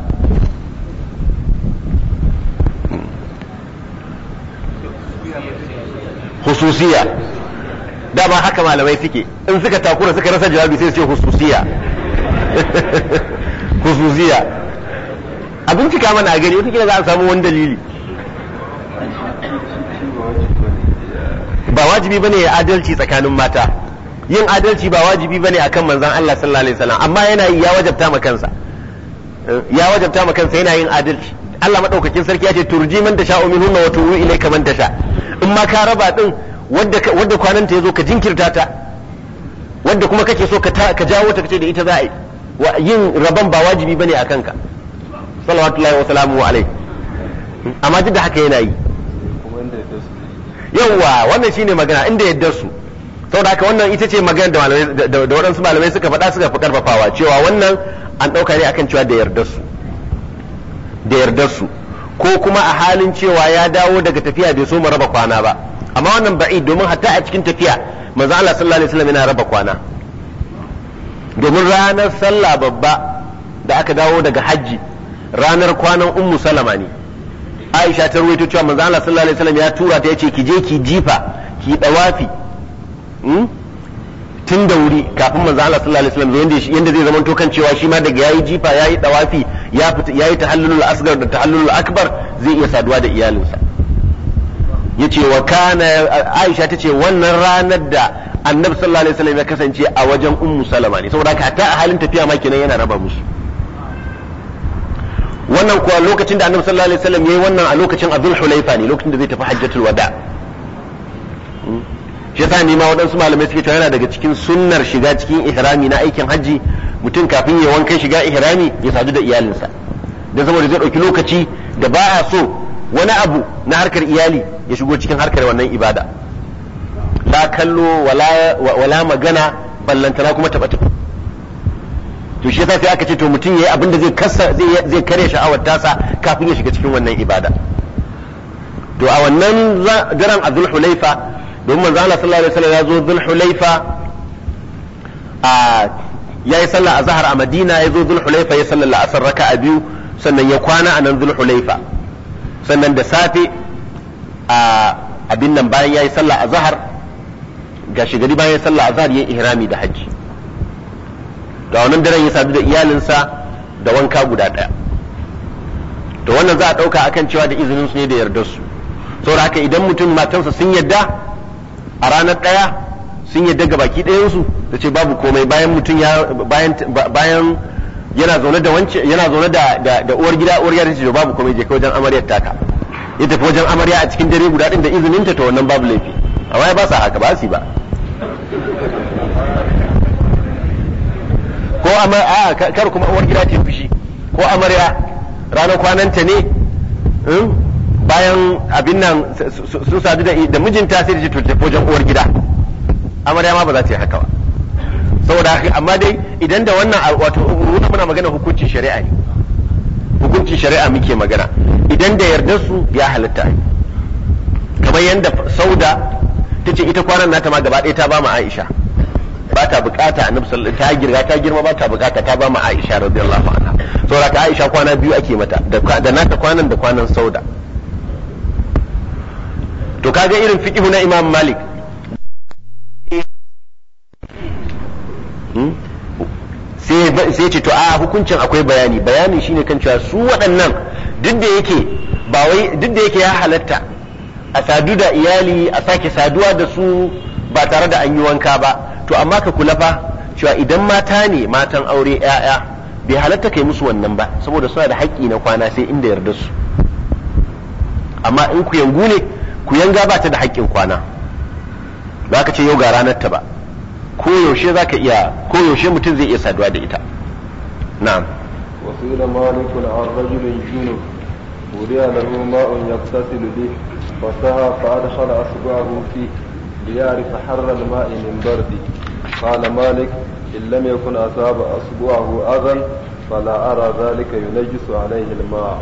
hususiya dama haka malamai suke in suka takura suka rasa jawabi sai su ce hususiya hususiya a bincika mana gani wata za a samu wani dalili ba wajibi bane ya adalci tsakanin mata yin adalci ba wajibi bane akan manzan Allah sallallahu alaihi wasallam amma yana yi ya wajabta ma kansa ya wajabta ma kansa yana yin adalci Allah madaukakin sarki ya ce turji man tasha'u minhunna wa tu'u ilayka man sha. in ma ka raba din wadda kwananta ya zo ka jinkirta ta wadda kuma kake so ka jawo ta kace da ita za a yi yin rabon ba wajibi bane a kanka salawatullahi wa salamu alai amma duk da haka yana yi yawa wannan shine magana inda yadda su saboda haka wannan ita ce magana da waɗansu malamai suka faɗa suka fi karfafawa cewa wannan an ɗauka ne akan cewa da yardar su da yardar su ko kuma a halin cewa ya dawo daga tafiya bai so mu raba kwana ba amma wannan ba'i domin hatta a cikin tafiya manzo Allah sallallahu alaihi wasallam yana raba kwana domin ranar sallah babba da aka dawo daga hajji ranar kwanan ummu salama ne Aisha ta ruwaito cewa manzo Allah sallallahu alaihi wasallam ya tura ta yace ki je ki jifa ki dawafi hmm? tun da wuri kafin manzo Allah sallallahu alaihi wasallam yanda zai zama to kan cewa shi ma daga yayi jifa yayi dawafi ya fita yayi tahallulul asghar da tahallulul akbar zai iya saduwa da iyalinsa yace wa kana Aisha tace wannan ranar da Annabi sallallahu alaihi wasallam ya kasance a wajen Ummu Salama ne saboda haka ta a halin tafiya ma kenan yana raba musu wannan kuwa lokacin da Annabi sallallahu alaihi wasallam yayi wannan a lokacin Abdul Hulaifa ne lokacin da zai tafi Hajjatul Wada hmm. shi yasa ni ma waɗansu malamai suke cewa yana daga cikin sunnar shiga cikin ihrami na aikin hajji mutum kafin ya wanke shiga ihrami ya sadu da iyalinsa da saboda zai ɗauki lokaci da ba a so wani abu na harkar iyali ya shigo cikin harkar wannan ibada la kallo wala, wala magana ballantana kuma taba taba to shi yasa sai aka ce to mutum yayi abin da zai kassa zai kare sha'awar tasa kafin ya shiga cikin wannan ibada to a wannan daren azul hulaifa domin manzo Allah sallallahu alaihi wasallam ya zo hulaifa a ya yi sallah a zahar a madina ya zo zulhulaifa ya sallar la'asar raka a biyu sannan ya kwana a nan zulhulaifa sannan da safe a abin nan bayan ya yi sallah a zahar ga shigari bayan ya sallah a zahar ya ihrami da hajji ga wannan daren ya sadu da iyalinsa da wanka guda ɗaya to wannan za a ɗauka akan cewa da izinin su ne da yardar su saboda haka idan mutum matansa sun yadda a ranar ɗaya sun yadda ga baki ɗayansu da ce babu komai bayan mutum ya bayan bayan yana zaune da wance yana zaune da da uwar gida uwar gida ce babu komai je kai wajen amaryar taka ya tafi wajen amarya a cikin dare guda din da izinin ta to wannan babu laifi amma ya ba sa haka ba su ba ko amarya kar kuma uwar gida ta fushi ko amarya ranar kwananta ne hmm, bayan abin nan sun sadu da mijinta sai da ji tafi wajen uwar gida amarya ma ba za ta yi haka ba saboda haka amma dai idan da wannan wato ruwa muna magana hukuncin shari'a ne hukuncin shari'a muke magana idan da yardar su ya halitta kamar yadda sauda ta ce ita kwanan nata ma gaba ɗaya ta ba ma aisha ba ta bukata annabi sallallahu ta girga ta girma ba ta bukata ta ba ma aisha radiyallahu anha saboda ta aisha kwana biyu ake mata da nata kwanan da kwanan sauda to kaga irin fiqhu na imam malik Hmm? sai ce to a hukuncin akwai bayani bayani shine kan cewa su waɗannan duk da yake ba yake ya halatta a sadu da iyali a sake saduwa da su ba tare da an yi wanka ba to amma ka kula fa cewa idan mata ne matan aure yaya bai halatta kai musu wannan ba saboda suna da haƙƙi na kwana sai inda yarda su amma in ku yangu ne ku yanga ba ta da haƙƙin kwana ba ka ce yau ga ranar ta ba koyaushe za ka iya koyaushe mutum zai iya saduwa da ita na'am wasu da malikun an rajulun juno wuri a lahu ma'un ya yaqtasilu bi fasaha fa adkhala asba'ahu fi da ya rufe harar ma'inin bardi qala malik in lam yakun asaba asbu'ahu adhan fala ara dhalika yunajjisu a al-ma'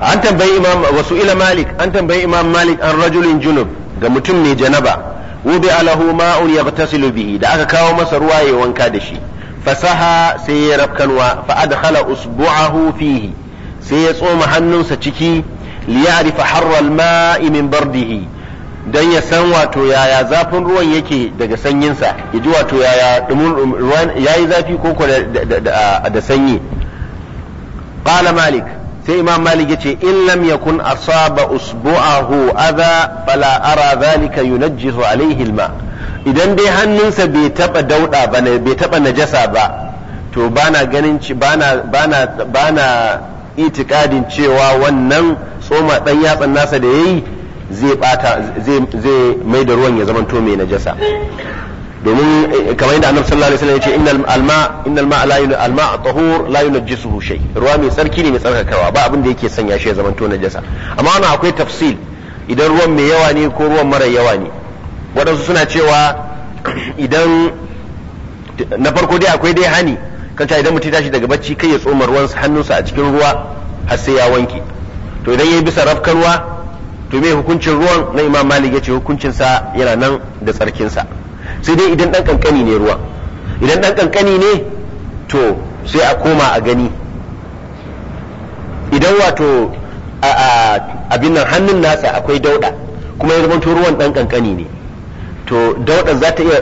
an tambayi imam wasu ila malik an tambayi imam malik an rajulun junub ga mutum mai janaba wubi alahu ma'un ya bihi da aka kawo masa ruwa ya wanka da shi fasaha sai ya rafkanwa fa adkhala usbu'ahu fihi sai ya tsoma hannunsa ciki liya'rifa harra al-ma'i min bardihi dan ya san wato yaya zafin ruwan yake daga sanyinsa ya ji wato yaya dumin ruwan yayi zafi ko da sanyi qala malik sai imam malik yace in lam yakun asaba usbu'ahu adha fala ara zalika yunajjihu alayhi alma idan dai hannunsa bai taba dauda ba bai taba najasa ba to bana ganin bana bana bana itikadin cewa wannan tsoma dan yatsan nasa da yayi zai bata zai mai da ruwan ya zamanto mai najasa domin eh, kamar yadda annabi sallallahu alaihi wasallam ya ce innal alma innal ma la yun alma tahur la yunjisuhu shay ruwa mai tsarki ne mai tsarkakawa ba abin da yake sanya shi ya zama to najasa amma wannan akwai tafsil idan ruwan mai yawa ne ko ruwan mara yawa ne waɗansu suna cewa idan na farko dai akwai dai hani kan ta idan mutum tashi daga bacci kai ya tsoma ruwan hannunsa a cikin ruwa har sai ya wanke to idan yayi bisa rafkarwa to me hukuncin ruwan na imam malik yace hukuncinsa yana nan da tsarkinsa. sa sai dai idan dan kankani ne ruwa idan dan kankani ne to sai a koma a gani idan wato abin nan hannun nasa akwai dauda kuma ya zamanto ruwan dan kankani ne to daudar za ta iya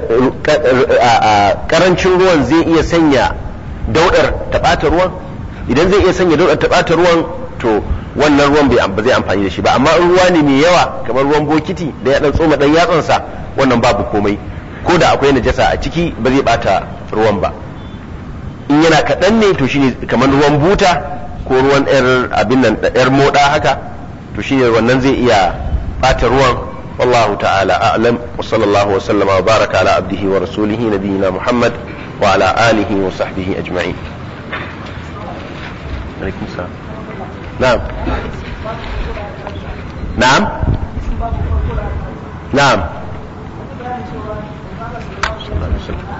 karancin ruwan zai iya sanya daudar ta bata ruwan idan zai iya sanya daudar ta bata ruwan to wannan ruwan bai zai amfani da shi ba amma ruwa ne mai yawa kamar ruwan bokiti da ya dan tsoma dan yatsansa wannan babu komai ko da akwai najasa a ciki ba zai bata ruwan ba in yana kaɗan ne to shine kamar ruwan buta ko ruwan yar abin nan yar moda haka to shine wannan zai iya bata ruwan wallahu ta'ala a'lam wa sallallahu wa sallama wa baraka ala abdihi wa rasulihi nabiyina muhammad wa ala alihi wa sahbihi ajma'in na'am na'am na'am sallallahu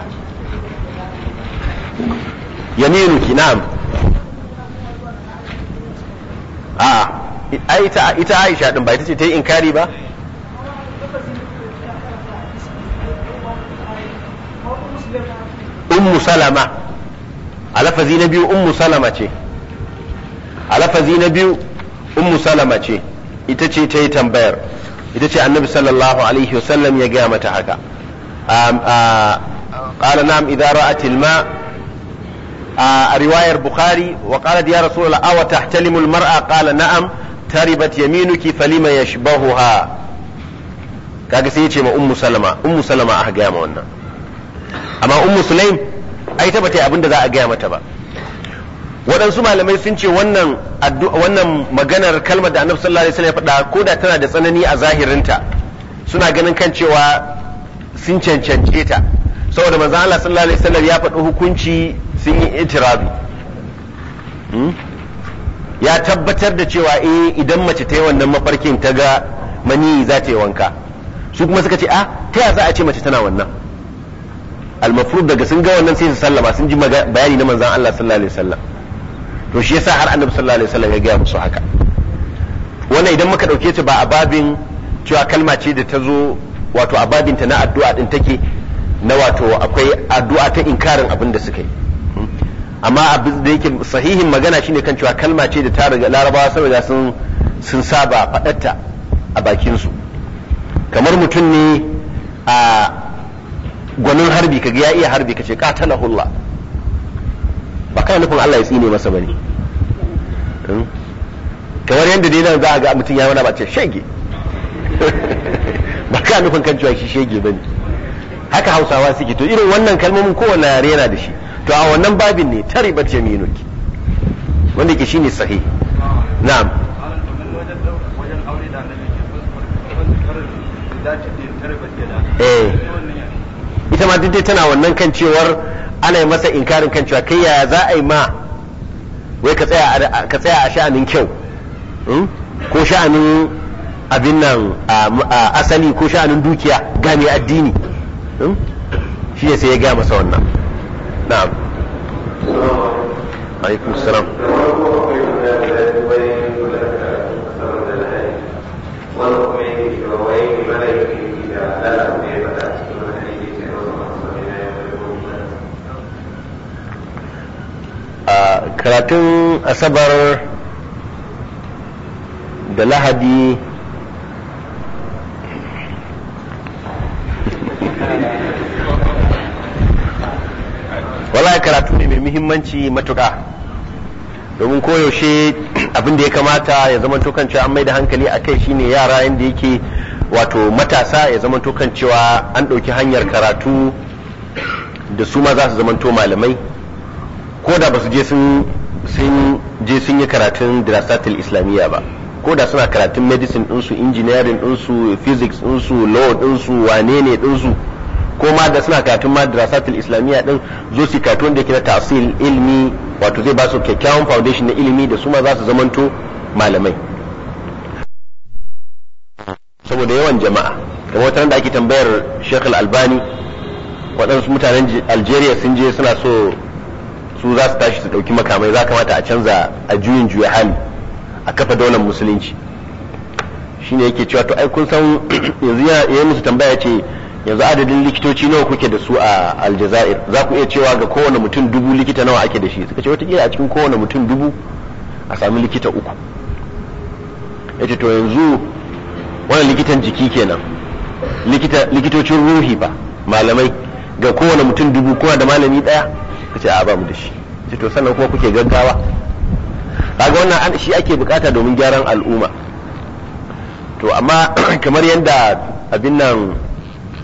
a ita Aisha ita ce ba salama biyu salama ce biyu salama ce ita ce ta yi tambayar ita ce annabi sallallahu alaihi wasallam ya gaya mata haka قال نعم إذا رأت الماء رواية البخاري وقالت يا رسول الله أو تحتلم المرأة قال نعم تربت يمينك فلما يشبهها kaga sai ya ce ma ummu salama ummu salama aka gaya ma wannan amma ummu sulaim ai ta bata abin da waɗansu malamai sun ce wannan wannan maganar kalmar da annabi sallallahu alaihi wasallam ya faɗa ko da tana da tsanani a zahirinta suna ganin kan cewa sun cancance ta saboda manzo Allah sallallahu alaihi wasallam ya faɗi hukunci sun yi itirabi hmm? ya tabbatar da cewa eh idan mace ta yi wannan mafarkin ta ga mani za ta yi wanka su kuma suka ce a ah, ta ya za a ce mace tana wannan almafrud daga sun ga wannan sai su sallama sun ji bayani na manzon Allah sallallahu alaihi wasallam to shi yasa har annabi sallallahu alaihi wasallam ya gaya musu haka wannan idan muka dauke ta ba a babin cewa kalma ce da ta zo wato a na addu'a din take na wato akwai addu'a ta inkarin abin da suka yi amma abin da yake sahihin magana shine kan cewa kalma ce da ta riga larabawa sun riga sun sun saba faɗarta a bakin su kamar mutum ne a gwanin harbi kaga ya iya harbi kace qatalahullah ba kana nufin Allah ya tsine masa bane hmm? kamar yadda dai nan za a ga mutum ya wani ba ce shege ba ka nufin kan cewa shi shege ne haka hausawa suke to irin wannan kalmomin kowane yare yana da shi to a wannan babin ne ta ribar ki wanda ke shine sahi na'am eh. ita ma duk tana wannan kan cewar ana yi masa inkarin kan cewa kai yaya za a yi ma wai ka tsaya a sha'anin kyau hmm? ko sha'anin abin nan asali ko sha'anin dukiya ga mai addini hmm? shi ne sai ya gaya masa wannan na'am alaikum salam karatun asabar da lahadi wallahi karatu ne mai muhimmanci matuƙa domin koyaushe abin da ya kamata ya zama tokan cewa an mai da hankali a kai shine yara yadda yake wato matasa ya zama tokan cewa an ɗauki hanyar karatu da su ma za su zamanto malamai ko da ba su je sun je sun yi karatun dirasatul islamiyya ba ko da suna karatun medicine ɗinsu engineering ɗinsu physics ɗinsu law ɗinsu wane ne ɗinsu ko ma da suna karatun madrasatul islamiyya din zo su karatu wanda yake na tasil ilmi wato zai ba su kyakkyawan foundation na ilimi da su ma za su zamanto malamai saboda yawan jama'a kamar wata da ake tambayar Sheikh Al-Albani waɗansu mutanen Algeria sun je suna so su za su tashi su ɗauki makamai za kamata a canza a juyin juya hali a kafa daular musulunci shine yake cewa to ai kun san yanzu ya musu tambaya ce yanzu adadin likitoci nawa kuke da su a aljazair za ku iya cewa ga kowane mutum dubu likita nawa ake da shi suka ce watakila a cikin kowane mutum dubu a sami likita uku yace to yanzu wannan likitan jiki kenan likitocin ruhi ba malamai ga kowane mutum dubu kuma da malami daya ka ce a ba mu da shi ce to sannan kuma kuke gaggawa kaga wannan shi ake bukata domin gyaran al'umma to amma kamar yadda abin nan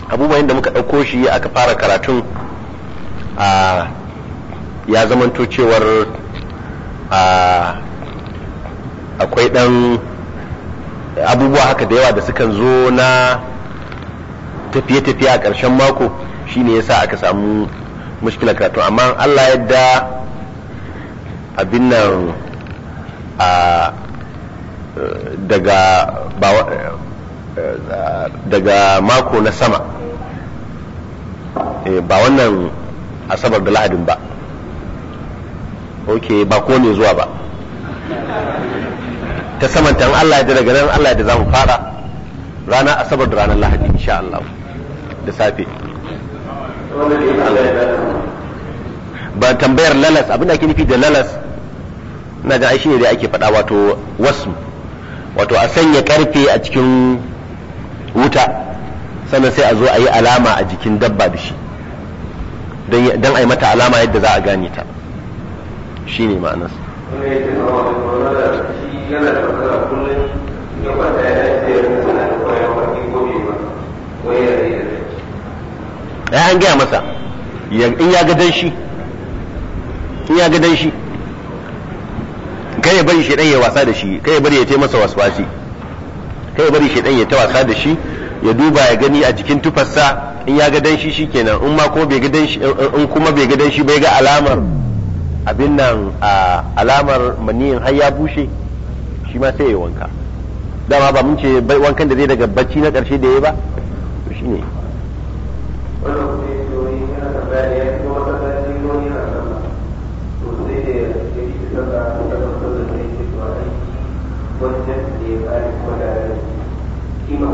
abubuwan da muka ɗauko shi aka fara karatun a ya zamanto cewar a akwai ɗan abubuwa haka da yawa da sukan zo na tafiye-tafiye a ƙarshen mako shi ne ya sa aka samu mushkilar karatu amma allah yadda abin nan a daga daga mako na sama eh, ba wannan asabar da lahadin ba ok ba ko ne zuwa ba ta samantan Allah ya daga nan Allah da za mu fara rana asabar da ranar lahadi insha Allah da safe ba tambayar lalas abin da ake nufi da lalas na ga shi ne da ake faɗa wato wasu wato a sanya karfe a cikin wuta sannan sai a zo a yi alama a jikin dabba da shi don a yi mata alama yadda za a gane ta shi ne ma'anas ya an gaya masa in ya ga shi? in ya ga shi kai ya bari shi ɗan ya wasa da shi kai ya bari ya taimasa wasi? kai bari shi dan ya ta wasa da shi ya duba ya gani a jikin tufarsa in ya ga danshi shikenan in ma kuma bai ga danshi in kuma bai ga danshi bai ga alamar abin nan alamar maniyin har ya bushe shi ma sai ya wanka dama ba mun ce wankan da zai daga bacci na karshe da ya ba shine a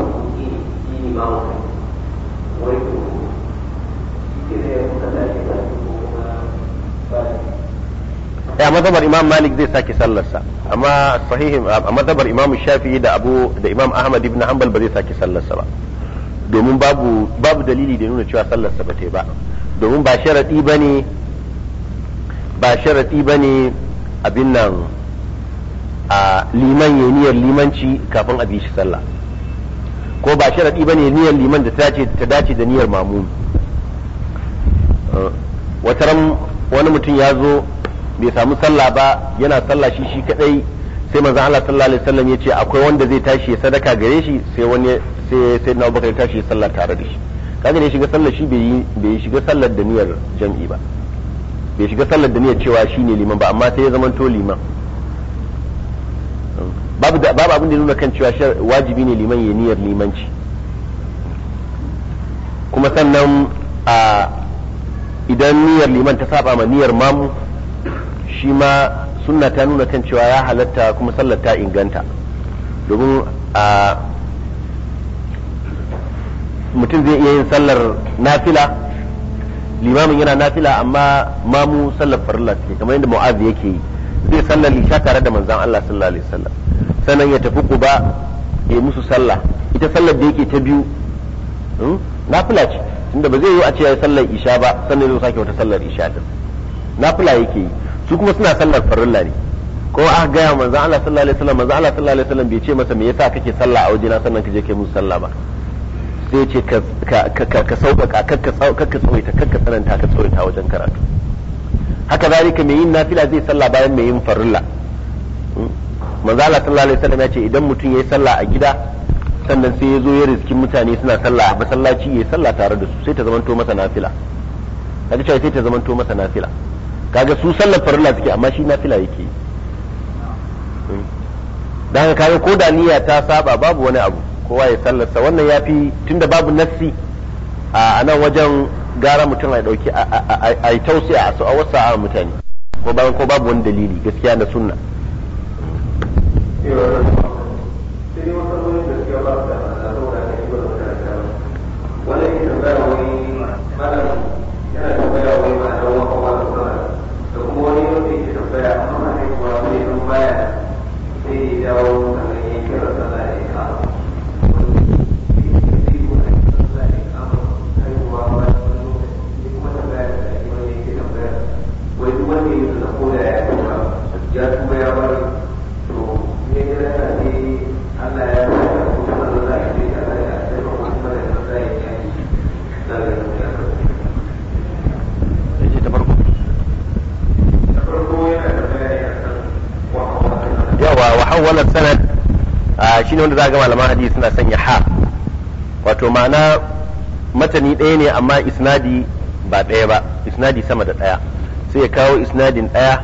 madabar imam malik zai sake sallarsa amma sahihin a ah, madabar imam shafi'i da abu da imam ahmad ibn hanbal ba zai sake sallarsa ba domin babu babu dalili da nuna cewa sallarsa ba ta ba domin ba sharadi bane ba sharadi bane abin nan a ah, liman yaniyar limanci kafin a bi shi sallah ko ba sharadi bane niyyar liman da ta dace da niyyar mamumi eh, wataran wani mutum ya zo bai samu sallah ba yana sallah shi shi kadai sai manzon Allah sallallahu alaihi wasallam ya ce akwai wanda zai tashi ya sadaka gare shi sai wani sai sai na bakai tashi ya sallah tare da shi kaga ne shiga sallah shi bai bai shiga sallar da niyyar jam'i ba bai shiga sallar da niyyar cewa shine liman ba amma sai ya zamanto liman babu babu abin da nuna kan cewa wajibi ne liman ya niyyar limanci kuma sannan a idan niyyar liman ta saba ma niyyar mamu shi ma sunna ta nuna kan cewa ya halatta kuma sallar ta inganta domin a mutum zai iya yin sallar nafila limamin yana nafila amma mamu sallar farilla ce kamar yadda mu'az yake yi zai sallar lisha tare da manzan Allah sallallahu alaihi wasallam sannan ya tafi ba ya musu sallah ita sallar da yake ta biyu hmm? nafila ce tunda ba zai yi a ce ya sallar isha ba sannan zai sake wata sallar isha din nafila yake yi su kuma suna sallar farilla ne ko a gaya manzo Allah sallallahu alaihi wasallam manzo Allah sallallahu alaihi wasallam bai ce masa me yasa kake sallah a wajena sannan kaje kai musu sallah ba sai ce ka ka ka sauƙaƙa kakka ka tsawaita kakka tsananta ka tsawaita wajen karatu haka zalika mai yin nafila zai sallah bayan mai yin farilla hmm? manzala sallallahu alaihi wasallam ya ce idan mutum yayi sallah a gida sannan sai ya zo ya riski mutane suna sallah a masallaci yayi sallah tare da su sai ta zamanto masa nafila kaga cewa sai ta zamanto masa nafila kaga su sallar farilla suke amma shi nafila yake hmm. dan kaga ko da niyya ta saba babu wani abu kowa ya sallarsa wannan yafi tunda babu nassi a nan wajen gara mutum a dauki a tausi a wasu a mutane ko babu wani dalili gaskiya na sunna Thank you. wannan sanad shi ne wanda za ga malaman hadisi suna sanya ha wato ma'ana matani ɗaya ne amma isnadi ba ɗaya ba isnadi sama da ɗaya sai ya kawo isnadin ɗaya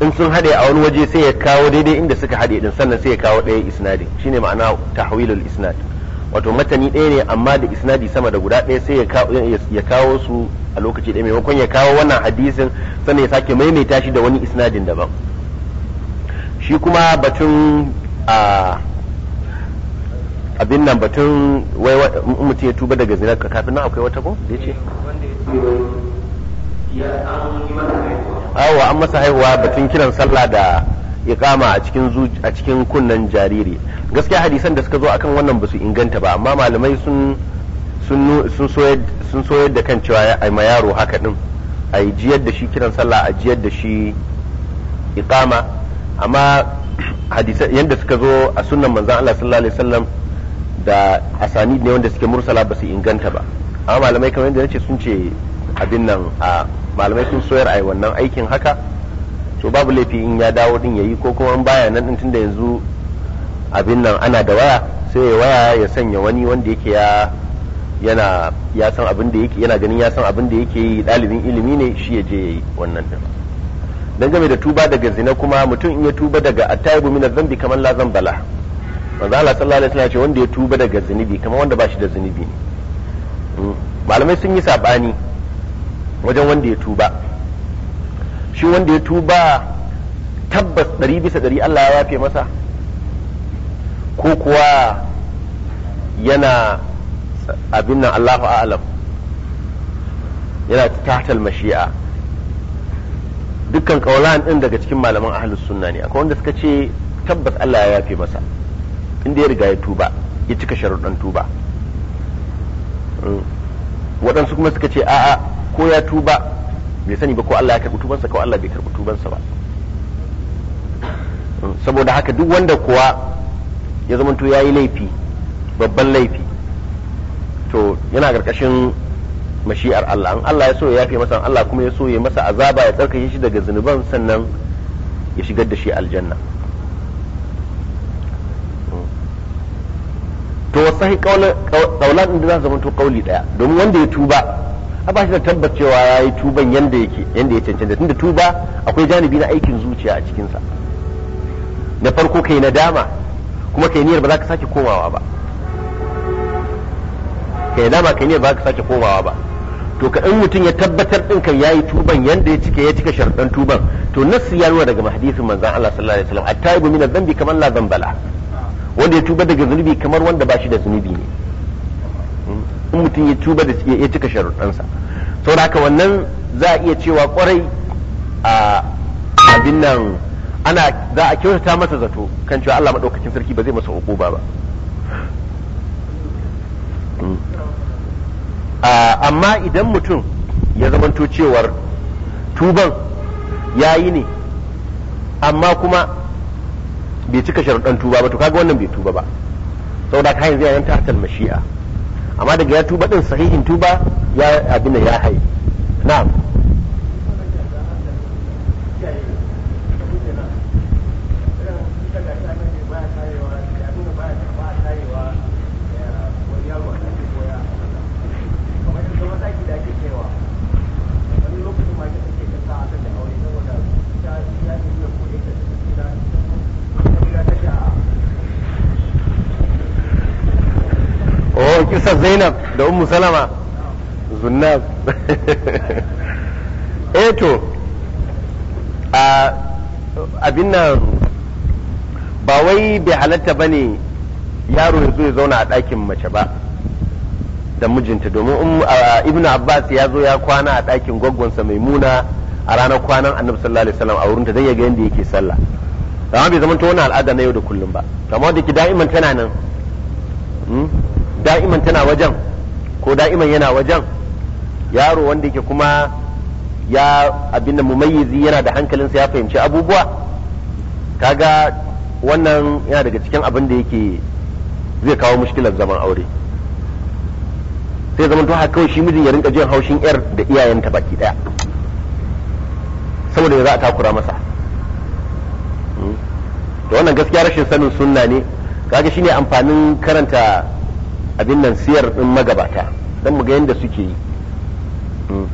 in sun haɗe a wani waje sai ya kawo daidai inda suka haɗe din sannan sai ya kawo ɗaya isnadin shine ma'ana tahwilul isnad wato matani ɗaya ne amma da isnadi sama da guda ɗaya sai ya kawo su a lokaci ɗaya maimakon ya kawo wannan hadisin sannan ya sake maimaita shi da wani isnadin daban shi kuma batun a abin nan batun wai mutum ya tuba daga zinar ka kafin nan akwai wata ko da ya ce awa an masa haihuwa batun kiran sallah da iqama a cikin a jariri gaskiya hadisan da suka zo akan wannan ba su inganta ba amma malamai sun sun soyar da kan cewa ai ma yaro haka din a jiyar da shi kiran sallah a jiyar da shi iqama amma hadisai yadda suka zo a sunan manzan Allah sallallahu alaihi wasallam da asanid ne wanda suke mursala ba su inganta ba amma malamai kamar yadda nace sun ce abin nan a malamai sun soyar ai wannan aikin haka to babu laifi in ya dawo din yayi ko kuma in baya nan din tunda yanzu abin nan ana da waya sai ya waya ya sanya wani wanda yake ya yana ya san abin da yake yana ganin ya san abin da yake yi dalibin ilimi ne shi ya je yayi wannan din dan game da tuba daga zina kuma mutum in ya tuba daga attaibu min zambi kamar la bala manzo Allah sallallahu alaihi wasallam ce wanda ya tuba daga zinubi kamar wanda ba shi da zunubi ne hmm. malamai sun yi sabani wajen wanda ya tuba shi wanda ya tuba tabbas ɗari bisa ɗari Allah ya wafe masa ko kuwa yana abin nan Allahu a'lam yana tahtal mashi'a dukkan kaulan din daga cikin malaman ahlus sunna ne akwai wanda suka ce tabbas Allah ya yafe masa inda ya riga ya tuba ya cika sharuɗan tuba waɗansu kuma suka ce a'a ko ya tuba bai sani ba ko Allah ya karɓi tubansa ko Allah bai karɓi tubansa ba saboda haka duk wanda kuwa ya zamanto ya yi laifi babban laifi to yana ƙarƙashin mashi'ar Allah an Allah ya so ya yafe masa Allah kuma ya so ya masa azaba ya tsarkake shi daga zunuban sannan ya shigar da shi aljanna to kaula din da za zama to kauli daya domin wanda ya tuba a ba shi da tabbacewa ya yi tuban yanda yake yanda ya cancanta tunda tuba akwai janibi na aikin zuciya a cikinsa na farko kai nadama kuma kai niyyar ba za ka sake komawa ba kai nadama kai niyyar ba za ka sake komawa ba to ka in mutum ya tabbatar din kan yayi tuban yanda ya cike ya cika sharɗan tuban to nasu ya nuna daga hadisin manzon Allah sallallahu alaihi wasallam at-taibu min adh-dhanbi kaman la dhanbala wanda ya tuba daga zunubi kamar wanda ba shi da zunubi ne hmm? in mutum ya tuba da ya cika sharuɗansa saboda haka wannan za a iya cewa kwarai a abin nan ana za a kyautata masa zato kan cewa Allah madaukakin sarki ba zai masa hukuma ba hmm? amma idan mutum ya zamanto cewar tuban ya yi ne amma kuma bai cika sharuɗan tuba ba to kaga wannan bai tuba ba saboda ka yanzu yayin tahtal mashi'a amma daga ya tuba din sahihin tuba ya abin ya haifi na'am kisar zainab da ummu salama zunnab eto eh a abin nan ba wai bai halatta ba ne yaro ya zo ya zauna a ɗakin mace ba da mijinta domin ibnu abbas ya zo ya kwana a ɗakin gwaggonsa mai muna a ranar kwanan annabi sallallahu alaihi wasallam a wurinta dan ya ga yadda yake sallah amma bai zama ta wani al'ada na yau da kullum ba amma da ki da'iman tana nan da'iman tana wajen ko da'iman yana wajen yaro wanda yake kuma ya abin mumayyizi yana da hankalinsa ya fahimci abubuwa kaga wannan yana daga cikin abin da yake zai kawo mushkilar zaman aure sai zaman haka kawai shi mijin ya rinka jin haushin yar da iyayenta baki daya saboda ya za a takura masa da hmm? wannan gaskiya rashin sanin sunna ne kaga shine amfanin karanta abin nan siyar din magabata don mu ga yadda suke yi mm.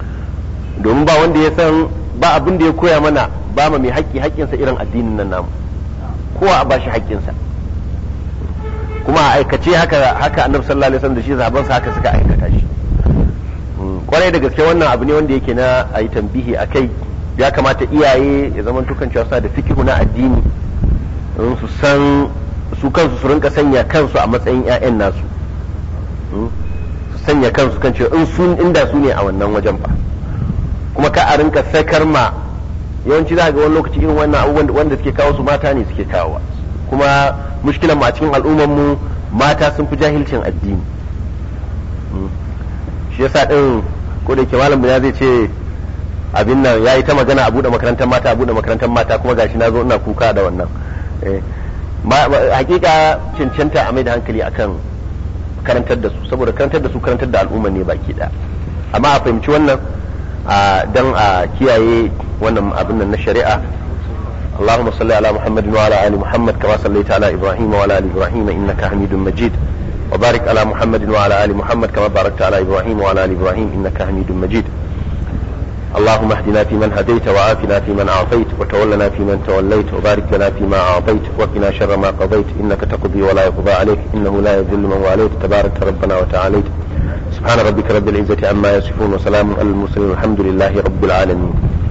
domin ba wanda ya san ba abin da ya koya mana ba ma mai haƙƙi haƙƙinsa irin addinin nan namu kowa a bashi haƙƙinsa kuma a aikace haka haka annabi sallallahu alaihi wasallam da shi zaban sa haka suka aikata shi mm. kwarai da gaske wannan abu ne wanda yake na ayi tambihi akai ya kamata iyaye ya zama tukan cewa da fikihu na addini su san su kansu su rinka sanya kansu a matsayin 'ya'yan nasu sanya kansu kan cewa in sun inda su ne a wannan wajen ba kuma ka a rinka sakar ma yawanci za ga wani lokaci irin wannan abubuwan wanda suke kawo su mata ne suke kawo kuma mushkilan mu a cikin al'umman mu mata sun fi jahilcin addini hmm. shi yasa din ko da ke malam ya zai ce abin nan yayi ta magana a bude makarantar mata a bude makarantar mata kuma gashi na zo ina kuka da wannan eh. hakika cancanta a mai da hankali akan karantar da su saboda karantar da su karantar da al'umma ne baki d'a amma a fahimci wannan don a kiyaye wannan abin nan na shari'a اللهم صل على محمد وعلى ال محمد كما صليت على ابراهيم وعلى ال ابراهيم انك حميد مجيد وبارك على محمد وعلى ال محمد كما باركت على ابراهيم وعلى ال ابراهيم انك حميد مجيد اللهم اهدنا فيمن هديت وعافنا فيمن عافيت وتولنا فيمن توليت وبارك لنا فيما أعطيت وقنا شر ما قضيت إنك تقضي ولا يقضى عليك إنه لا يذل من واليت تبارك ربنا وتعاليت سبحان ربك رب العزة عما يصفون وسلام على المرسلين والحمد لله رب العالمين